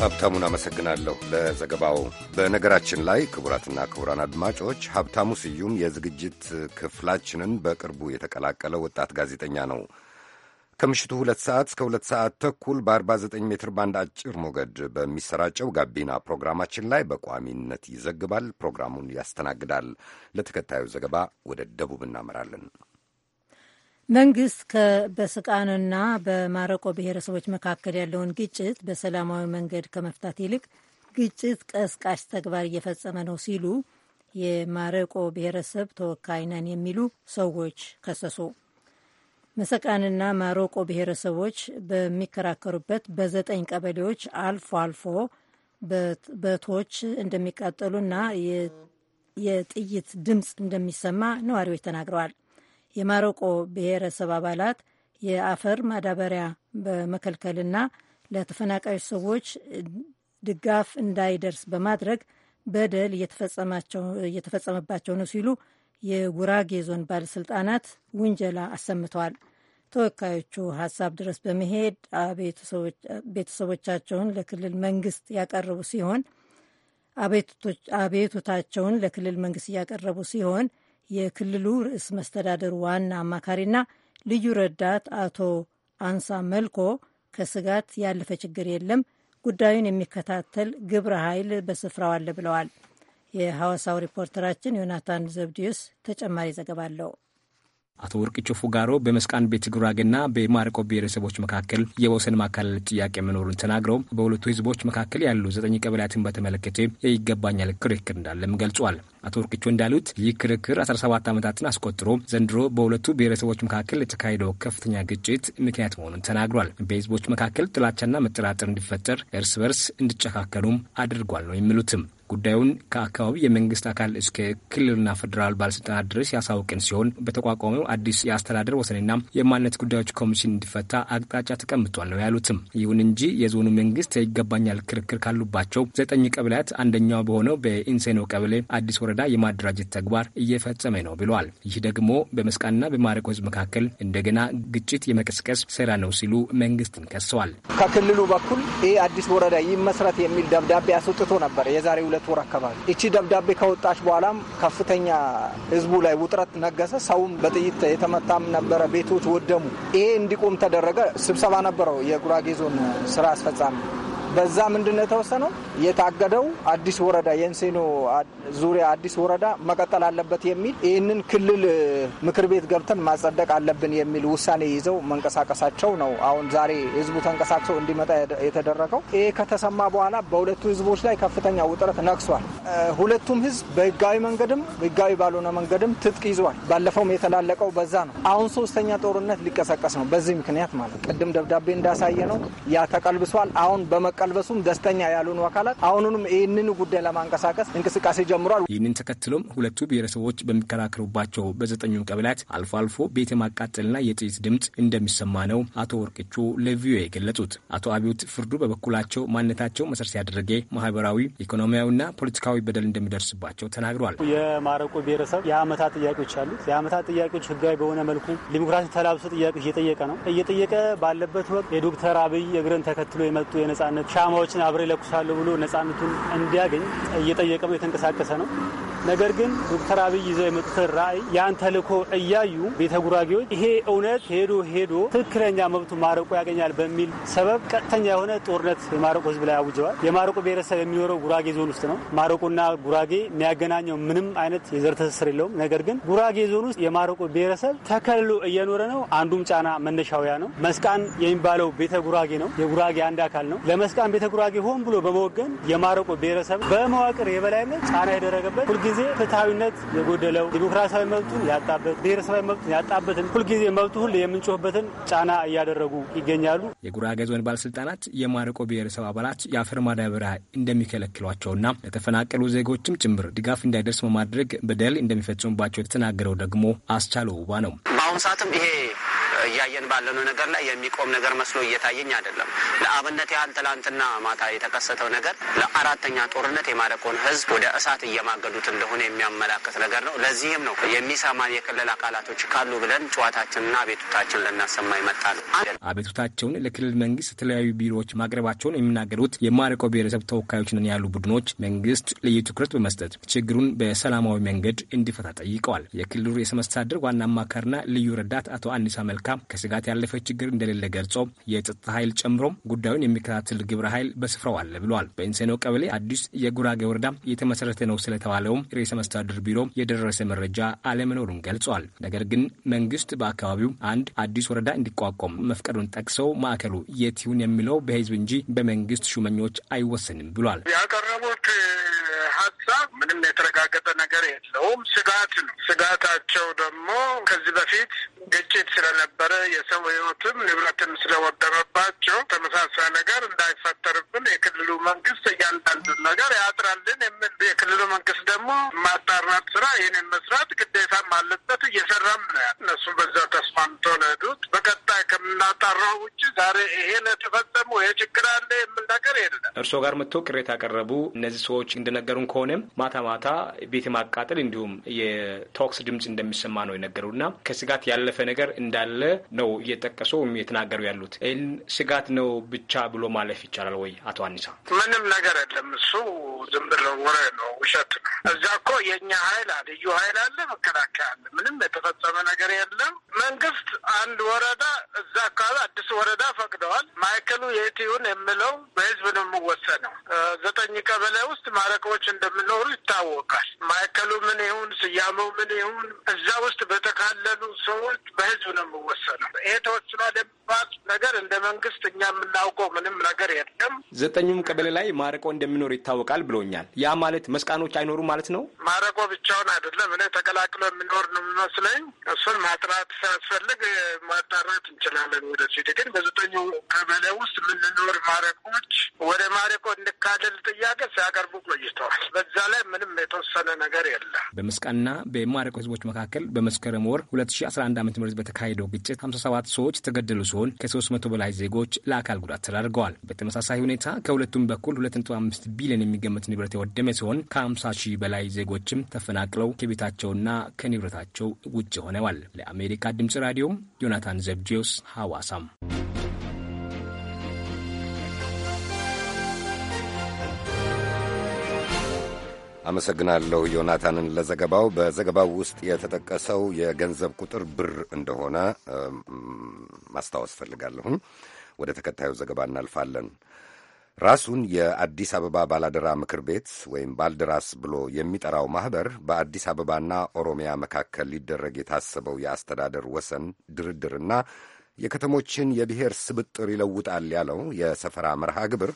ሀብታሙን አመሰግናለሁ ለዘገባው። በነገራችን ላይ ክቡራትና ክቡራን አድማጮች ሀብታሙ ስዩም የዝግጅት ክፍላችንን በቅርቡ የተቀላቀለ ወጣት ጋዜጠኛ ነው። ከምሽቱ ሁለት ሰዓት እስከ ሁለት ሰዓት ተኩል በ49 ሜትር ባንድ አጭር ሞገድ በሚሰራጨው ጋቢና ፕሮግራማችን ላይ በቋሚነት ይዘግባል፣ ፕሮግራሙን ያስተናግዳል። ለተከታዩ ዘገባ ወደ ደቡብ እናመራለን። መንግስት በስቃንና በማረቆ ብሔረሰቦች መካከል ያለውን ግጭት በሰላማዊ መንገድ ከመፍታት ይልቅ ግጭት ቀስቃሽ ተግባር እየፈጸመ ነው ሲሉ የማረቆ ብሔረሰብ ተወካይ ነን የሚሉ ሰዎች ከሰሱ። መሰቃንና ማረቆ ብሔረሰቦች በሚከራከሩበት በዘጠኝ ቀበሌዎች አልፎ አልፎ በቶች እንደሚቃጠሉና የጥይት ድምፅ እንደሚሰማ ነዋሪዎች ተናግረዋል። የማሮቆ ብሔረሰብ አባላት የአፈር ማዳበሪያ በመከልከልና ለተፈናቃዮች ሰዎች ድጋፍ እንዳይደርስ በማድረግ በደል እየተፈጸመባቸው ነው ሲሉ የጉራጌ ዞን ባለስልጣናት ውንጀላ አሰምተዋል። ተወካዮቹ ሀሳብ ድረስ በመሄድ ቤተሰቦቻቸውን ለክልል መንግስት ያቀረቡ ሲሆን አቤቱታቸውን ለክልል መንግስት እያቀረቡ ሲሆን የክልሉ ርዕስ መስተዳደር ዋና አማካሪና ልዩ ረዳት አቶ አንሳ መልኮ ከስጋት ያለፈ ችግር የለም፣ ጉዳዩን የሚከታተል ግብረ ኃይል በስፍራው አለ ብለዋል። የሐዋሳው ሪፖርተራችን ዮናታን ዘብዲዮስ ተጨማሪ ዘገባ አለው። አቶ ወርቅቾ ፉጋሮ በመስቃን ቤት ጉራጌና በማረቆ ብሔረሰቦች መካከል የወሰን ማካለል ጥያቄ መኖሩን ተናግረው በሁለቱ ህዝቦች መካከል ያሉ ዘጠኝ ቀበሌያትን በተመለከተ ይገባኛል ክርክር እንዳለም ገልጿል። አቶ ወርቅቹ እንዳሉት ይህ ክርክር 17 ዓመታትን አስቆጥሮ ዘንድሮ በሁለቱ ብሔረሰቦች መካከል የተካሄደው ከፍተኛ ግጭት ምክንያት መሆኑን ተናግሯል። በህዝቦች መካከል ጥላቻና መጠራጠር እንዲፈጠር እርስ በርስ እንዲጨካከሉም አድርጓል ነው የሚሉትም ጉዳዩን ከአካባቢ የመንግስት አካል እስከ ክልልና ፌዴራል ባለስልጣናት ድረስ ያሳውቅን ሲሆን በተቋቋመው አዲስ የአስተዳደር ወሰንና የማንነት ጉዳዮች ኮሚሽን እንዲፈታ አቅጣጫ ተቀምጧል ነው ያሉትም። ይሁን እንጂ የዞኑ መንግስት ይገባኛል ክርክር ካሉባቸው ዘጠኝ ቀበሌያት አንደኛው በሆነው በኢንሴኖ ቀበሌ አዲስ ወረዳ የማደራጀት ተግባር እየፈጸመ ነው ብለዋል። ይህ ደግሞ በመስቃንና በማረቆ ህዝብ መካከል እንደገና ግጭት የመቀስቀስ ስራ ነው ሲሉ መንግስትን ከሰዋል። ከክልሉ በኩል ይህ አዲስ ወረዳ ይመስረት የሚል ደብዳቤ አስወጥቶ ነበር የዛሬ ሁለት ሁለት ወር አካባቢ እቺ ደብዳቤ ከወጣች በኋላም ከፍተኛ ህዝቡ ላይ ውጥረት ነገሰ። ሰውም በጥይት የተመታም ነበረ፣ ቤቶች ወደሙ። ይሄ እንዲቆም ተደረገ። ስብሰባ ነበረው የጉራጌ ዞን ስራ አስፈጻሚ በዛ ምንድን ነው የተወሰነው? የታገደው አዲስ ወረዳ የእንሴኖ ዙሪያ አዲስ ወረዳ መቀጠል አለበት የሚል ይህንን ክልል ምክር ቤት ገብተን ማጸደቅ አለብን የሚል ውሳኔ ይዘው መንቀሳቀሳቸው ነው። አሁን ዛሬ ህዝቡ ተንቀሳቅሶ እንዲመጣ የተደረገው ይህ ከተሰማ በኋላ በሁለቱ ህዝቦች ላይ ከፍተኛ ውጥረት ነግሷል። ሁለቱም ህዝብ በህጋዊ መንገድም ህጋዊ ባልሆነ መንገድም ትጥቅ ይዟል። ባለፈውም የተላለቀው በዛ ነው። አሁን ሶስተኛ ጦርነት ሊቀሰቀስ ነው። በዚህ ምክንያት ማለት ቅድም ደብዳቤ እንዳሳየ ነው ያ ተቀልብሷል። አሁን በመቀ በመቀልበሱም ደስተኛ ያሉን አካላት አሁኑንም ይህንን ጉዳይ ለማንቀሳቀስ እንቅስቃሴ ጀምሯል። ይህንን ተከትሎም ሁለቱ ብሔረሰቦች በሚከራከሩባቸው በዘጠኙ ቀበሌያት አልፎ አልፎ ቤት የማቃጠልና የጥይት ድምፅ እንደሚሰማ ነው አቶ ወርቅቹ ለቪኦኤ የገለጹት። አቶ አብዮት ፍርዱ በበኩላቸው ማንነታቸው መሰረት ያደረገ ማህበራዊ፣ ኢኮኖሚያዊና ፖለቲካዊ በደል እንደሚደርስባቸው ተናግሯል። የማረቆ ብሔረሰብ የአመታት ጥያቄዎች አሉት። የአመታት ጥያቄዎች ህጋዊ በሆነ መልኩ ዲሞክራሲ ተላብሶ ጥያቄዎች እየጠየቀ ነው። እየጠየቀ ባለበት ወቅት የዶክተር አብይ እግርን ተከትሎ የመጡ የነጻነት ሻማዎችን አብሬ ለኩሳለሁ ብሎ ነጻነቱን እንዲያገኝ እየጠየቀ ነው የተንቀሳቀሰ ነው። ነገር ግን ዶክተር አብይ ይዘው የመጡትን ራዕይ ያን ተልእኮ እያዩ ቤተ ጉራጌዎች ይሄ እውነት ሄዶ ሄዶ ትክክለኛ መብቱ ማረቆ ያገኛል በሚል ሰበብ ቀጥተኛ የሆነ ጦርነት የማረቆ ህዝብ ላይ አውጀዋል። የማረቆ ብሔረሰብ የሚኖረው ጉራጌ ዞን ውስጥ ነው። ማረቆና ጉራጌ የሚያገናኘው ምንም አይነት የዘር ትስስር የለውም። ነገር ግን ጉራጌ ዞን ውስጥ የማረቆ ብሔረሰብ ተከልሎ እየኖረ ነው። አንዱም ጫና መነሻውያ ነው። መስቃን የሚባለው ቤተ ጉራጌ ነው። የጉራጌ አንድ አካል ነው። ለመስቃን ቤተ ጉራጌ ሆን ብሎ በመወገን የማረቆ ብሔረሰብ በመዋቅር የበላይነት ጫና የደረገበት ሁልጊዜ ጊዜ ፍትሐዊነት የጎደለው ዲሞክራሲያዊ መብቱን ያጣበት ብሔረሰባዊ መብቱን ያጣበትን ሁልጊዜ መብቱ ሁሉ የምንጮህበትን ጫና እያደረጉ ይገኛሉ። የጉራጌ ዞን ባለስልጣናት የማረቆ ብሔረሰብ አባላት የአፈር ማዳበሪያ እንደሚከለክሏቸውና ለተፈናቀሉ ዜጎችም ጭምር ድጋፍ እንዳይደርስ በማድረግ በደል እንደሚፈጽሙባቸው የተናገረው ደግሞ አስቻለ ውባ ነው። በአሁኑ ሰዓትም ይሄ እያየን ባለነው ነገር ላይ የሚቆም ነገር መስሎ እየታየኝ አይደለም። ለአብነት ያህል ትላንትና ማታ የተከሰተው ነገር ለአራተኛ ጦርነት የማረቆን ህዝብ ወደ እሳት እየማገዱት እንደሆነ የሚያመላክት ነገር ነው። ለዚህም ነው የሚሰማን የክልል አካላቶች ካሉ ብለን ጨዋታችንና አቤቱታችን ልናሰማ ይመጣል። አቤቱታቸውን ለክልል መንግስት የተለያዩ ቢሮዎች ማቅረባቸውን የሚናገሩት የማረቆ ብሔረሰብ ተወካዮች ነን ያሉ ቡድኖች መንግስት ልዩ ትኩረት በመስጠት ችግሩን በሰላማዊ መንገድ እንዲፈታ ጠይቀዋል። የክልሉ ርዕሰ መስተዳድር ዋና አማካሪና ልዩ ረዳት አቶ አኒሳ መልካ ከስጋት ያለፈ ችግር እንደሌለ ገልጾ የጸጥታ ኃይል ጨምሮ ጉዳዩን የሚከታተል ግብረ ኃይል በስፍራው አለ ብሏል። በኢንሴኖ ቀበሌ አዲስ የጉራጌ ወረዳ የተመሰረተ ነው ስለተባለውም ርዕሰ መስተዳድር ቢሮ የደረሰ መረጃ አለመኖሩን ገልጿል። ነገር ግን መንግስት በአካባቢው አንድ አዲስ ወረዳ እንዲቋቋም መፍቀዱን ጠቅሰው ማዕከሉ የት ይሁን የሚለው በህዝብ እንጂ በመንግስት ሹመኞች አይወሰንም ብሏል። ያቀረቡት ሀሳብ ምንም የተረጋገጠ ነገር የለውም። ስጋት ነው። ስጋታቸው ደግሞ ከዚህ በፊት ግጭት ስለነበረ የሰው ህይወትም ንብረትም ስለወደመባቸው ተመሳሳይ ነገር እንዳይፈጠርብን የክልሉ መንግስት እያንዳንዱን ነገር ያጥራልን የምል የክልሉ መንግስት ደግሞ ማጣራት ስራ ይህንን መስራት ግዴታም አለበት እየሰራም ነው እነሱ በዛ ተስማምቶ ነው ሄዱት። በቀጣይ ከምናጣራው ውጭ ዛሬ ይሄ ለተፈጸሙ ይሄ ችግር አለ የምል ነገር የለም። እርስዎ ጋር መጥቶ ቅሬታ ያቀረቡ እነዚህ ሰዎች እንደነገሩን ከሆነም ማታ ማታ ቤት ማቃጠል እንዲሁም የቶክስ ድምፅ እንደሚሰማ ነው የነገሩና ከስጋት ያለፈ ነገር እንዳለ ነው እየጠቀሱ የተናገሩ ያሉት። ይህን ስጋት ነው ብቻ ብሎ ማለፍ ይቻላል ወይ? አቶ አኒሳ ምንም ነገር የለም። እሱ ዝም ብሎ ወሬ ነው፣ ውሸት ነው። እዛ እኮ የእኛ ኃይል ልዩ ኃይል አለ፣ መከላከያ አለ። ምንም የተፈጸመ ነገር የለም። መንግስት አንድ ወረዳ እዛ አካባቢ አዲስ ወረዳ ፈቅደዋል። ማዕከሉ የት ይሁን በህዝብ ነው የምወሰነው። ዘጠኝ ቀበሌ ውስጥ ማረቆች እንደ እንደምኖሩ ይታወቃል። ማዕከሉ ምን ይሁን ስያሜው ምን ይሁን እዛ ውስጥ በተካለሉ ሰዎች በህዝብ ነው የምወሰነው። ይሄ ተወስኗል የሚባል ነገር እንደ መንግስት እኛ የምናውቀው ምንም ነገር የለም። ዘጠኙም ቀበሌ ላይ ማረቆ እንደሚኖር ይታወቃል ብሎኛል። ያ ማለት መስቃኖች አይኖሩም ማለት ነው። ማረቆ ብቻውን አይደለም። እኔ ተቀላቅሎ የሚኖር ነው የሚመስለኝ። እሱን ማጥራት ሳያስፈልግ ማጣራት እንችላለን ወደፊት። ግን በዘጠኙ ቀበሌ ውስጥ የምንኖር ማረቆች ወደ ማረቆ እንካለል ጥያቄ ሲያቀርቡ ቆይተዋል። በዛ ላይ ምንም የተወሰነ ነገር የለም። በመስቃንና በማረቆ ህዝቦች መካከል በመስከረም ወር 2011 ዓ ም በተካሄደው ግጭት 57 ሰዎች የተገደሉ ሲሆን ከ300 በላይ ዜጎች ለአካል ጉዳት ተዳርገዋል። በተመሳሳይ ሁኔታ ከሁለቱም በኩል 25 ቢሊዮን የሚገመት ንብረት የወደመ ሲሆን ከ50 ሺህ በላይ ዜጎችም ተፈናቅለው ከቤታቸውና ከንብረታቸው ውጭ ሆነዋል። ለአሜሪካ ድምፅ ራዲዮ ዮናታን ዘብዲዮስ ሐዋሳም አመሰግናለሁ ዮናታንን ለዘገባው። በዘገባው ውስጥ የተጠቀሰው የገንዘብ ቁጥር ብር እንደሆነ ማስታወስ ፈልጋለሁም። ወደ ተከታዩ ዘገባ እናልፋለን። ራሱን የአዲስ አበባ ባላደራ ምክር ቤት ወይም ባልደራስ ብሎ የሚጠራው ማኅበር በአዲስ አበባና ኦሮሚያ መካከል ሊደረግ የታሰበው የአስተዳደር ወሰን ድርድርና የከተሞችን የብሔር ስብጥር ይለውጣል ያለው የሰፈራ መርሃ ግብር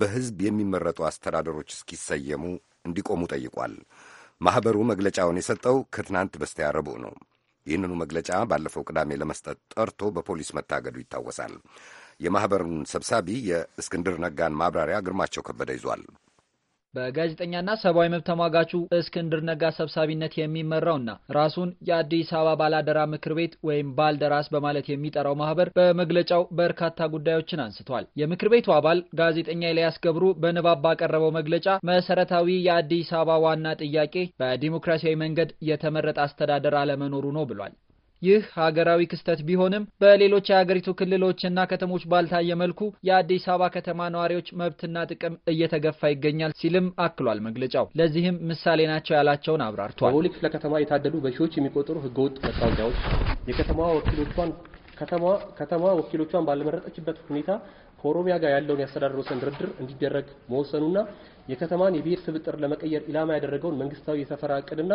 በሕዝብ የሚመረጡ አስተዳደሮች እስኪሰየሙ እንዲቆሙ ጠይቋል። ማኅበሩ መግለጫውን የሰጠው ከትናንት በስቲያ ረቡዕ ነው። ይህንኑ መግለጫ ባለፈው ቅዳሜ ለመስጠት ጠርቶ በፖሊስ መታገዱ ይታወሳል። የማኅበሩን ሰብሳቢ የእስክንድር ነጋን ማብራሪያ ግርማቸው ከበደ ይዟል። በጋዜጠኛና ሰብአዊ መብት ተሟጋቹ እስክንድር ነጋ ሰብሳቢነት የሚመራውና ራሱን የአዲስ አበባ ባላደራ ምክር ቤት ወይም ባልደራስ በማለት የሚጠራው ማህበር በመግለጫው በርካታ ጉዳዮችን አንስቷል። የምክር ቤቱ አባል ጋዜጠኛ ኤልያስ ገብሩ በንባብ ባቀረበው መግለጫ መሰረታዊ የአዲስ አበባ ዋና ጥያቄ በዲሞክራሲያዊ መንገድ የተመረጠ አስተዳደር አለመኖሩ ነው ብሏል። ይህ ሀገራዊ ክስተት ቢሆንም በሌሎች የሀገሪቱ ክልሎችና ከተሞች ባልታየ መልኩ የአዲስ አበባ ከተማ ነዋሪዎች መብትና ጥቅም እየተገፋ ይገኛል ሲልም አክሏል መግለጫው። ለዚህም ምሳሌ ናቸው ያላቸውን አብራርቷል። በቦሌ ክፍለ ከተማ የታደሉ በሺዎች የሚቆጠሩ ህገወጥ መታወቂያዎች የከተማዋ ወኪሎቿን ከተማ ከተማ ወኪሎቿን ባለመረጠችበት ሁኔታ ከኦሮሚያ ጋር ያለውን የአስተዳደር ወሰን ድርድር እንዲደረግ መወሰኑና የከተማን የብሔር ስብጥር ለመቀየር ኢላማ ያደረገውን መንግስታዊ የሰፈራ እቅድና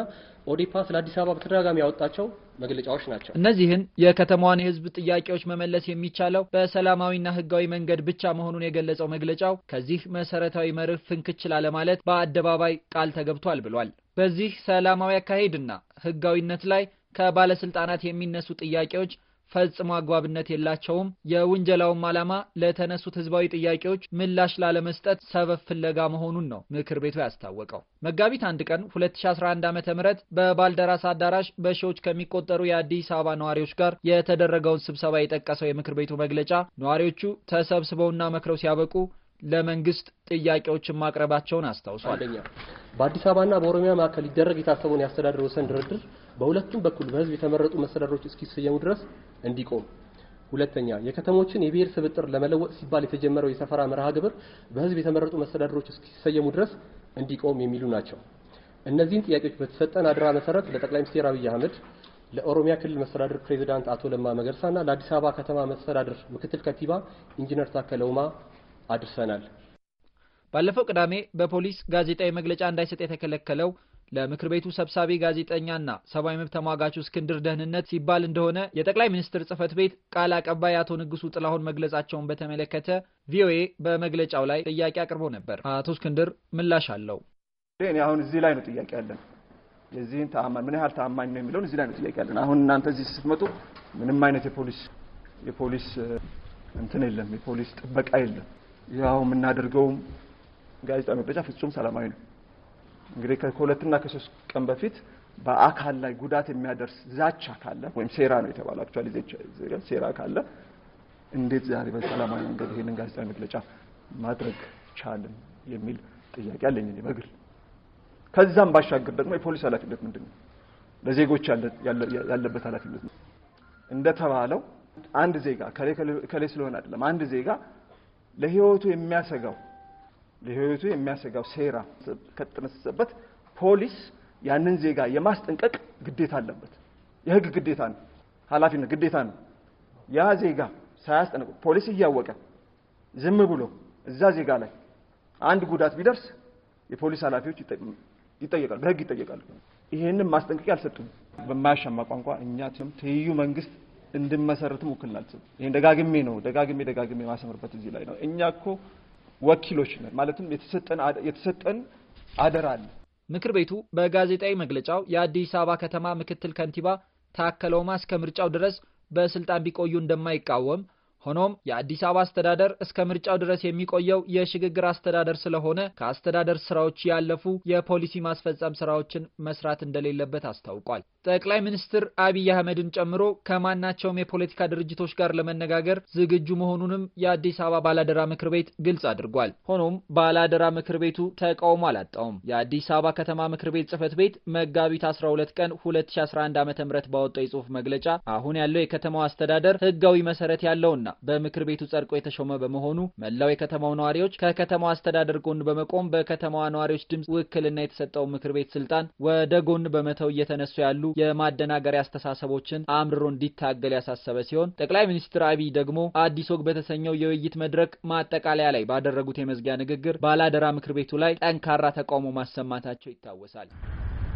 ኦዴፓ ስለ አዲስ አበባ በተደጋጋሚ ያወጣቸው መግለጫዎች ናቸው። እነዚህን የከተማዋን የህዝብ ጥያቄዎች መመለስ የሚቻለው በሰላማዊና ህጋዊ መንገድ ብቻ መሆኑን የገለጸው መግለጫው ከዚህ መሰረታዊ መርህ ፍንክች ላለማለት በአደባባይ ቃል ተገብቷል ብሏል። በዚህ ሰላማዊ አካሄድና ህጋዊነት ላይ ከባለስልጣናት የሚነሱ ጥያቄዎች ፈጽሞ አግባብነት የላቸውም። የውንጀላውም ዓላማ ለተነሱት ህዝባዊ ጥያቄዎች ምላሽ ላለመስጠት ሰበብ ፍለጋ መሆኑን ነው ምክር ቤቱ ያስታወቀው። መጋቢት አንድ ቀን 2011 ዓ ም በባልደራስ አዳራሽ በሺዎች ከሚቆጠሩ የአዲስ አበባ ነዋሪዎች ጋር የተደረገውን ስብሰባ የጠቀሰው የምክር ቤቱ መግለጫ ነዋሪዎቹ ተሰብስበውና መክረው ሲያበቁ ለመንግስት ጥያቄዎችን ማቅረባቸውን አስታውሷል። አንደኛ በአዲስ አበባና በኦሮሚያ መካከል ሊደረግ የታሰበውን የአስተዳደር ወሰን ድርድር በሁለቱም በኩል በህዝብ የተመረጡ መስተዳድሮች እስኪሰየሙ ድረስ እንዲቆም ሁለተኛ የከተሞችን የብሔር ስብጥር ለመለወጥ ሲባል የተጀመረው የሰፈራ መርሃ ግብር በህዝብ የተመረጡ መስተዳድሮች እስኪሰየሙ ድረስ እንዲቆም የሚሉ ናቸው። እነዚህን ጥያቄዎች በተሰጠን አድራ መሰረት ለጠቅላይ ሚኒስትር አብይ አህመድ፣ ለኦሮሚያ ክልል መስተዳድር ፕሬዚዳንት አቶ ለማ መገርሳና ለአዲስ አበባ ከተማ መስተዳድር ምክትል ከቲባ ኢንጂነር ታከለ ኡማ አድርሰናል። ባለፈው ቅዳሜ በፖሊስ ጋዜጣዊ መግለጫ እንዳይሰጥ የተከለከለው ለምክር ቤቱ ሰብሳቢ ጋዜጠኛና ሰብአዊ መብት ተሟጋቹ እስክንድር ደህንነት ሲባል እንደሆነ የጠቅላይ ሚኒስትር ጽህፈት ቤት ቃል አቀባይ አቶ ንጉሱ ጥላሁን መግለጻቸውን በተመለከተ ቪኦኤ በመግለጫው ላይ ጥያቄ አቅርቦ ነበር። አቶ እስክንድር ምላሽ አለው። እኔ አሁን እዚህ ላይ ነው ጥያቄ ያለን የዚህን ተአማኝ ምን ያህል ተአማኝ ነው የሚለውን እዚህ ላይ ነው ጥያቄ ያለን። አሁን እናንተ እዚህ ስትመጡ ምንም አይነት የፖሊስ የፖሊስ እንትን የለም፣ የፖሊስ ጥበቃ የለም። ያው የምናደርገውም ጋዜጣዊ መግለጫ ፍጹም ሰላማዊ ነው። እንግዲህ ከሁለትና ከሶስት ቀን በፊት በአካል ላይ ጉዳት የሚያደርስ ዛቻ ካለ ወይም ሴራ ነው የተባለ አክቹዋሊ ሴራ ካለ እንዴት ዛሬ በሰላማዊ መንገድ ይህንን ጋዜጣዊ መግለጫ ማድረግ ቻልን የሚል ጥያቄ አለኝ እኔ በግል። ከዛም ባሻገር ደግሞ የፖሊስ ኃላፊነት ምንድን ነው? ለዜጎች ያለበት ኃላፊነት ነው። እንደተባለው አንድ ዜጋ ከሌ ስለሆነ አይደለም። አንድ ዜጋ ለህይወቱ የሚያሰጋው ለህይወቱ የሚያሰጋው ሴራ ከተጠነሰሰበት ፖሊስ ያንን ዜጋ የማስጠንቀቅ ግዴታ አለበት። የህግ ግዴታ ነው፣ ኃላፊነት ግዴታ ነው። ያ ዜጋ ሳያስጠነቅ ፖሊስ እያወቀ ዝም ብሎ እዛ ዜጋ ላይ አንድ ጉዳት ቢደርስ የፖሊስ ኃላፊዎች ይጠየቃሉ፣ በህግ ይጠየቃሉ። ይህንን ማስጠንቀቅ አልሰጡም። በማያሻማ ቋንቋ እኛ ትይዩ መንግስት እንድመሰረትም ውክልና አልሰጡም። ይህን ደጋግሜ ነው ደጋግሜ ደጋግሜ ማሰምርበት እዚህ ላይ ነው። እኛ እኮ ወኪሎች ነን። ማለትም የተሰጠን አደራ አለ። ምክር ቤቱ በጋዜጣዊ መግለጫው የአዲስ አበባ ከተማ ምክትል ከንቲባ ታከለ ኡማ እስከ ምርጫው ድረስ በስልጣን ቢቆዩ እንደማይቃወም ሆኖም የአዲስ አበባ አስተዳደር እስከ ምርጫው ድረስ የሚቆየው የሽግግር አስተዳደር ስለሆነ ከአስተዳደር ስራዎች ያለፉ የፖሊሲ ማስፈጸም ስራዎችን መስራት እንደሌለበት አስታውቋል። ጠቅላይ ሚኒስትር አብይ አህመድን ጨምሮ ከማናቸውም የፖለቲካ ድርጅቶች ጋር ለመነጋገር ዝግጁ መሆኑንም የአዲስ አበባ ባላደራ ምክር ቤት ግልጽ አድርጓል። ሆኖም ባላደራ ምክር ቤቱ ተቃውሞ አላጣውም። የአዲስ አበባ ከተማ ምክር ቤት ጽህፈት ቤት መጋቢት 12 ቀን 2011 ዓ ም ባወጣው የጽሁፍ መግለጫ አሁን ያለው የከተማው አስተዳደር ህጋዊ መሰረት ያለውና በምክር ቤቱ ጸድቆ የተሾመ በመሆኑ መላው የከተማው ነዋሪዎች ከከተማው አስተዳደር ጎን በመቆም በከተማዋ ነዋሪዎች ድምፅ ውክልና የተሰጠው ምክር ቤት ስልጣን ወደ ጎን በመተው እየተነሱ ያሉ የማደናገሪያ አስተሳሰቦችን አምርሮ እንዲታገል ያሳሰበ ሲሆን ጠቅላይ ሚኒስትር አብይ ደግሞ አዲስ ወግ በተሰኘው የውይይት መድረክ ማጠቃለያ ላይ ባደረጉት የመዝጊያ ንግግር ባላደራ ምክር ቤቱ ላይ ጠንካራ ተቃውሞ ማሰማታቸው ይታወሳል።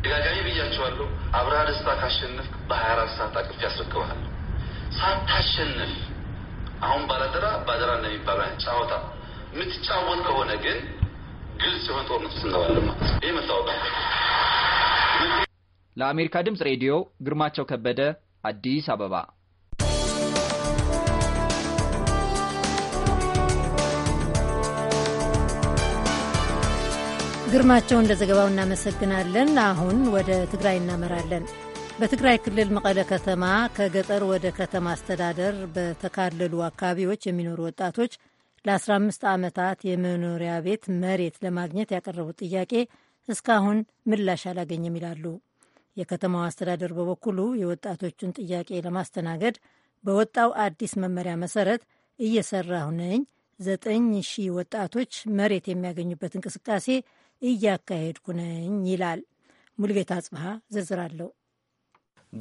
ደጋጋሚ ብያቸዋለሁ። አብርሃ ደስታ ካሸንፍ በ24 ሰዓት አቅፍ ያስረክበሃል። ሳታሸንፍ አሁን ባላደራ ባደራ እንደሚባለው ጫወታ የምትጫወት ከሆነ ግን ግልጽ የሆነ ጦርነት ውስጥ ማለት ይህ መታወቅ ለአሜሪካ ድምፅ ሬዲዮ ግርማቸው ከበደ አዲስ አበባ። ግርማቸው እንደ ዘገባው እናመሰግናለን። አሁን ወደ ትግራይ እናመራለን። በትግራይ ክልል መቀለ ከተማ ከገጠር ወደ ከተማ አስተዳደር በተካለሉ አካባቢዎች የሚኖሩ ወጣቶች ለ15 ዓመታት የመኖሪያ ቤት መሬት ለማግኘት ያቀረቡት ጥያቄ እስካሁን ምላሽ አላገኘም ይላሉ። የከተማው አስተዳደር በበኩሉ የወጣቶቹን ጥያቄ ለማስተናገድ በወጣው አዲስ መመሪያ መሰረት እየሰራሁ ነኝ፣ ዘጠኝ ሺህ ወጣቶች መሬት የሚያገኙበት እንቅስቃሴ እያካሄድኩ ነኝ ይላል። ሙልጌታ አጽብሃ ዝርዝር አለው።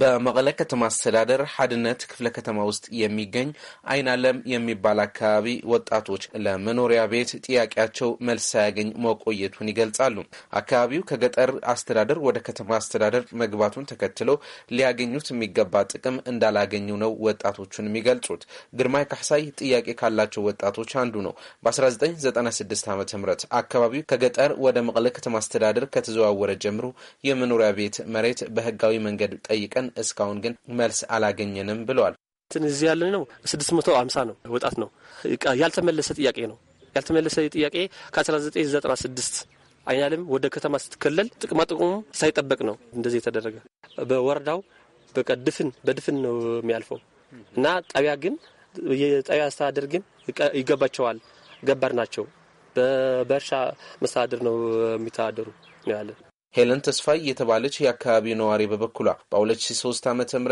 በመቀለ ከተማ አስተዳደር ሀድነት ክፍለ ከተማ ውስጥ የሚገኝ አይናለም የሚባል አካባቢ ወጣቶች ለመኖሪያ ቤት ጥያቄያቸው መልስ ሳያገኝ መቆየቱን ይገልጻሉ። አካባቢው ከገጠር አስተዳደር ወደ ከተማ አስተዳደር መግባቱን ተከትሎ ሊያገኙት የሚገባ ጥቅም እንዳላገኙ ነው ወጣቶቹን የሚገልጹት። ግርማይ ካሳይ ጥያቄ ካላቸው ወጣቶች አንዱ ነው። በ1996 ዓ ም አካባቢው ከገጠር ወደ መቀለ ከተማ አስተዳደር ከተዘዋወረ ጀምሮ የመኖሪያ ቤት መሬት በህጋዊ መንገድ ጠይቀ ጠየቀን። እስካሁን ግን መልስ አላገኘንም ብለዋል። እዚህ ያለን ነው ስድስት መቶ አምሳ ነው ወጣት ነው ያልተመለሰ ጥያቄ ነው ያልተመለሰ ጥያቄ ከ1996 አይናለም ወደ ከተማ ስትከለል ጥቅማ ጥቅሙ ሳይጠበቅ ነው እንደዚህ የተደረገ። በወረዳው በቃ ድፍን በድፍን ነው የሚያልፈው እና ጣቢያ ግን የጣቢያ አስተዳደር ግን ይገባቸዋል። ገባር ናቸው። በእርሻ መስተዳደር ነው የሚተዳደሩ ያለን ሄለን ተስፋይ የተባለች የአካባቢው ነዋሪ በበኩሏ በ2003 ዓ ምትም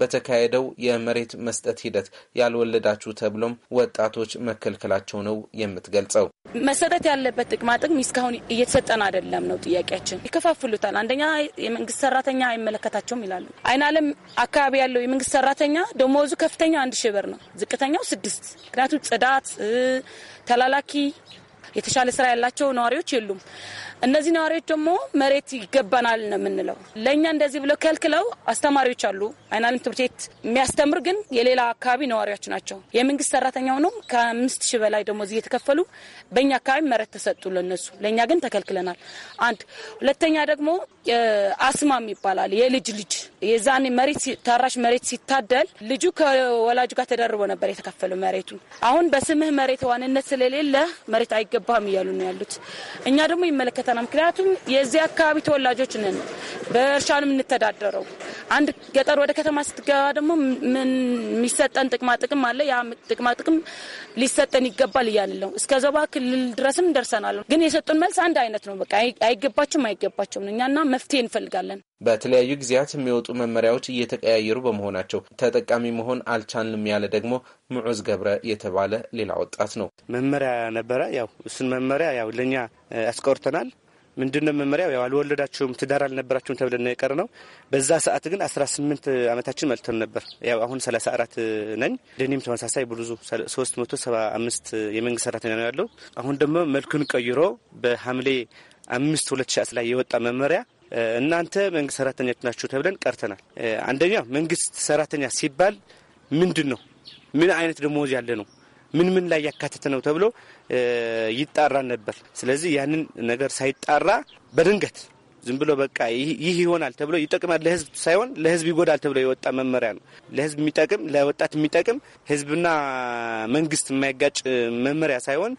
በተካሄደው የመሬት መስጠት ሂደት ያልወለዳችሁ ተብሎም ወጣቶች መከልከላቸው ነው የምትገልጸው። መሰጠት ያለበት ጥቅማ ጥቅም እስካሁን እየተሰጠን አይደለም ነው ጥያቄያችን። ይከፋፍሉታል። አንደኛ የመንግስት ሰራተኛ አይመለከታቸውም ይላሉ። አይን አለም አካባቢ ያለው የመንግስት ሰራተኛ ደሞዙ ከፍተኛ አንድ ሺህ ብር ነው፣ ዝቅተኛው ስድስት ምክንያቱም ጽዳት፣ ተላላኪ የተሻለ ስራ ያላቸው ነዋሪዎች የሉም። እነዚህ ነዋሪዎች ደግሞ መሬት ይገባናል ነው የምንለው። ለእኛ እንደዚህ ብለው ከልክለው አስተማሪዎች አሉ። አይናለም ትምህርት ቤት የሚያስተምር ግን የሌላ አካባቢ ነዋሪዎች ናቸው። የመንግስት ሰራተኛ ሆኖም ከአምስት ሺህ በላይ እዚህ የተከፈሉ በእኛ አካባቢ መሬት ተሰጡ ለነሱ፣ ለእኛ ግን ተከልክለናል። አንድ ሁለተኛ ደግሞ አስማም ይባላል የልጅ ልጅ የዛኔ መሬት ታራሽ መሬት ሲታደል ልጁ ከወላጁ ጋር ተደርቦ ነበር የተከፈለው መሬቱ። አሁን በስምህ መሬት ዋንነት ስለሌለ መሬት አይገባም እያሉ ነው ያሉት። እኛ ደግሞ ይመለከ ያስደስተናል። ምክንያቱም የዚህ አካባቢ ተወላጆች ነን፣ በእርሻ ነው የምንተዳደረው። አንድ ገጠር ወደ ከተማ ስትገባ ደግሞ ምን የሚሰጠን ጥቅማ ጥቅም አለ፣ ያ ጥቅማ ጥቅም ሊሰጠን ይገባል እያልን እስከ ዘባ ክልል ድረስም ደርሰናል። ግን የሰጡን መልስ አንድ አይነት ነው። በቃ አይገባቸውም፣ አይገባቸውም። እኛና መፍትሄ እንፈልጋለን። በተለያዩ ጊዜያት የሚወጡ መመሪያዎች እየተቀያየሩ በመሆናቸው ተጠቃሚ መሆን አልቻልንም ያለ ደግሞ ምዑዝ ገብረ የተባለ ሌላ ወጣት ነው። መመሪያ ነበረ። ያው እሱን መመሪያ ያው ለእኛ አስቆርተናል። ምንድነው መመሪያው? ያው አልወለዳችሁም፣ ትዳር አልነበራችሁም ተብለን ነው የቀር ነው። በዛ ሰዓት ግን 18 ዓመታችን መልተን ነበር። ያው አሁን 34 ነኝ። ለእኔም ተመሳሳይ ብዙ 375 የመንግስት ሰራተኛ ነው ያለው። አሁን ደግሞ መልኩን ቀይሮ በሐምሌ አምስት 2000 ላይ የወጣ መመሪያ እናንተ መንግስት ሰራተኞች ናችሁ ተብለን ቀርተናል። አንደኛ መንግስት ሰራተኛ ሲባል ምንድን ነው? ምን አይነት ደሞዝ ያለ ነው? ምን ምን ላይ ያካተተ ነው ተብሎ ይጣራ ነበር። ስለዚህ ያንን ነገር ሳይጣራ በድንገት ዝም ብሎ በቃ ይህ ይሆናል ተብሎ ይጠቅማል ለህዝብ ሳይሆን ለህዝብ ይጎዳል ተብሎ የወጣ መመሪያ ነው። ለህዝብ የሚጠቅም ለወጣት የሚጠቅም ህዝብና መንግስት የማይጋጭ መመሪያ ሳይሆን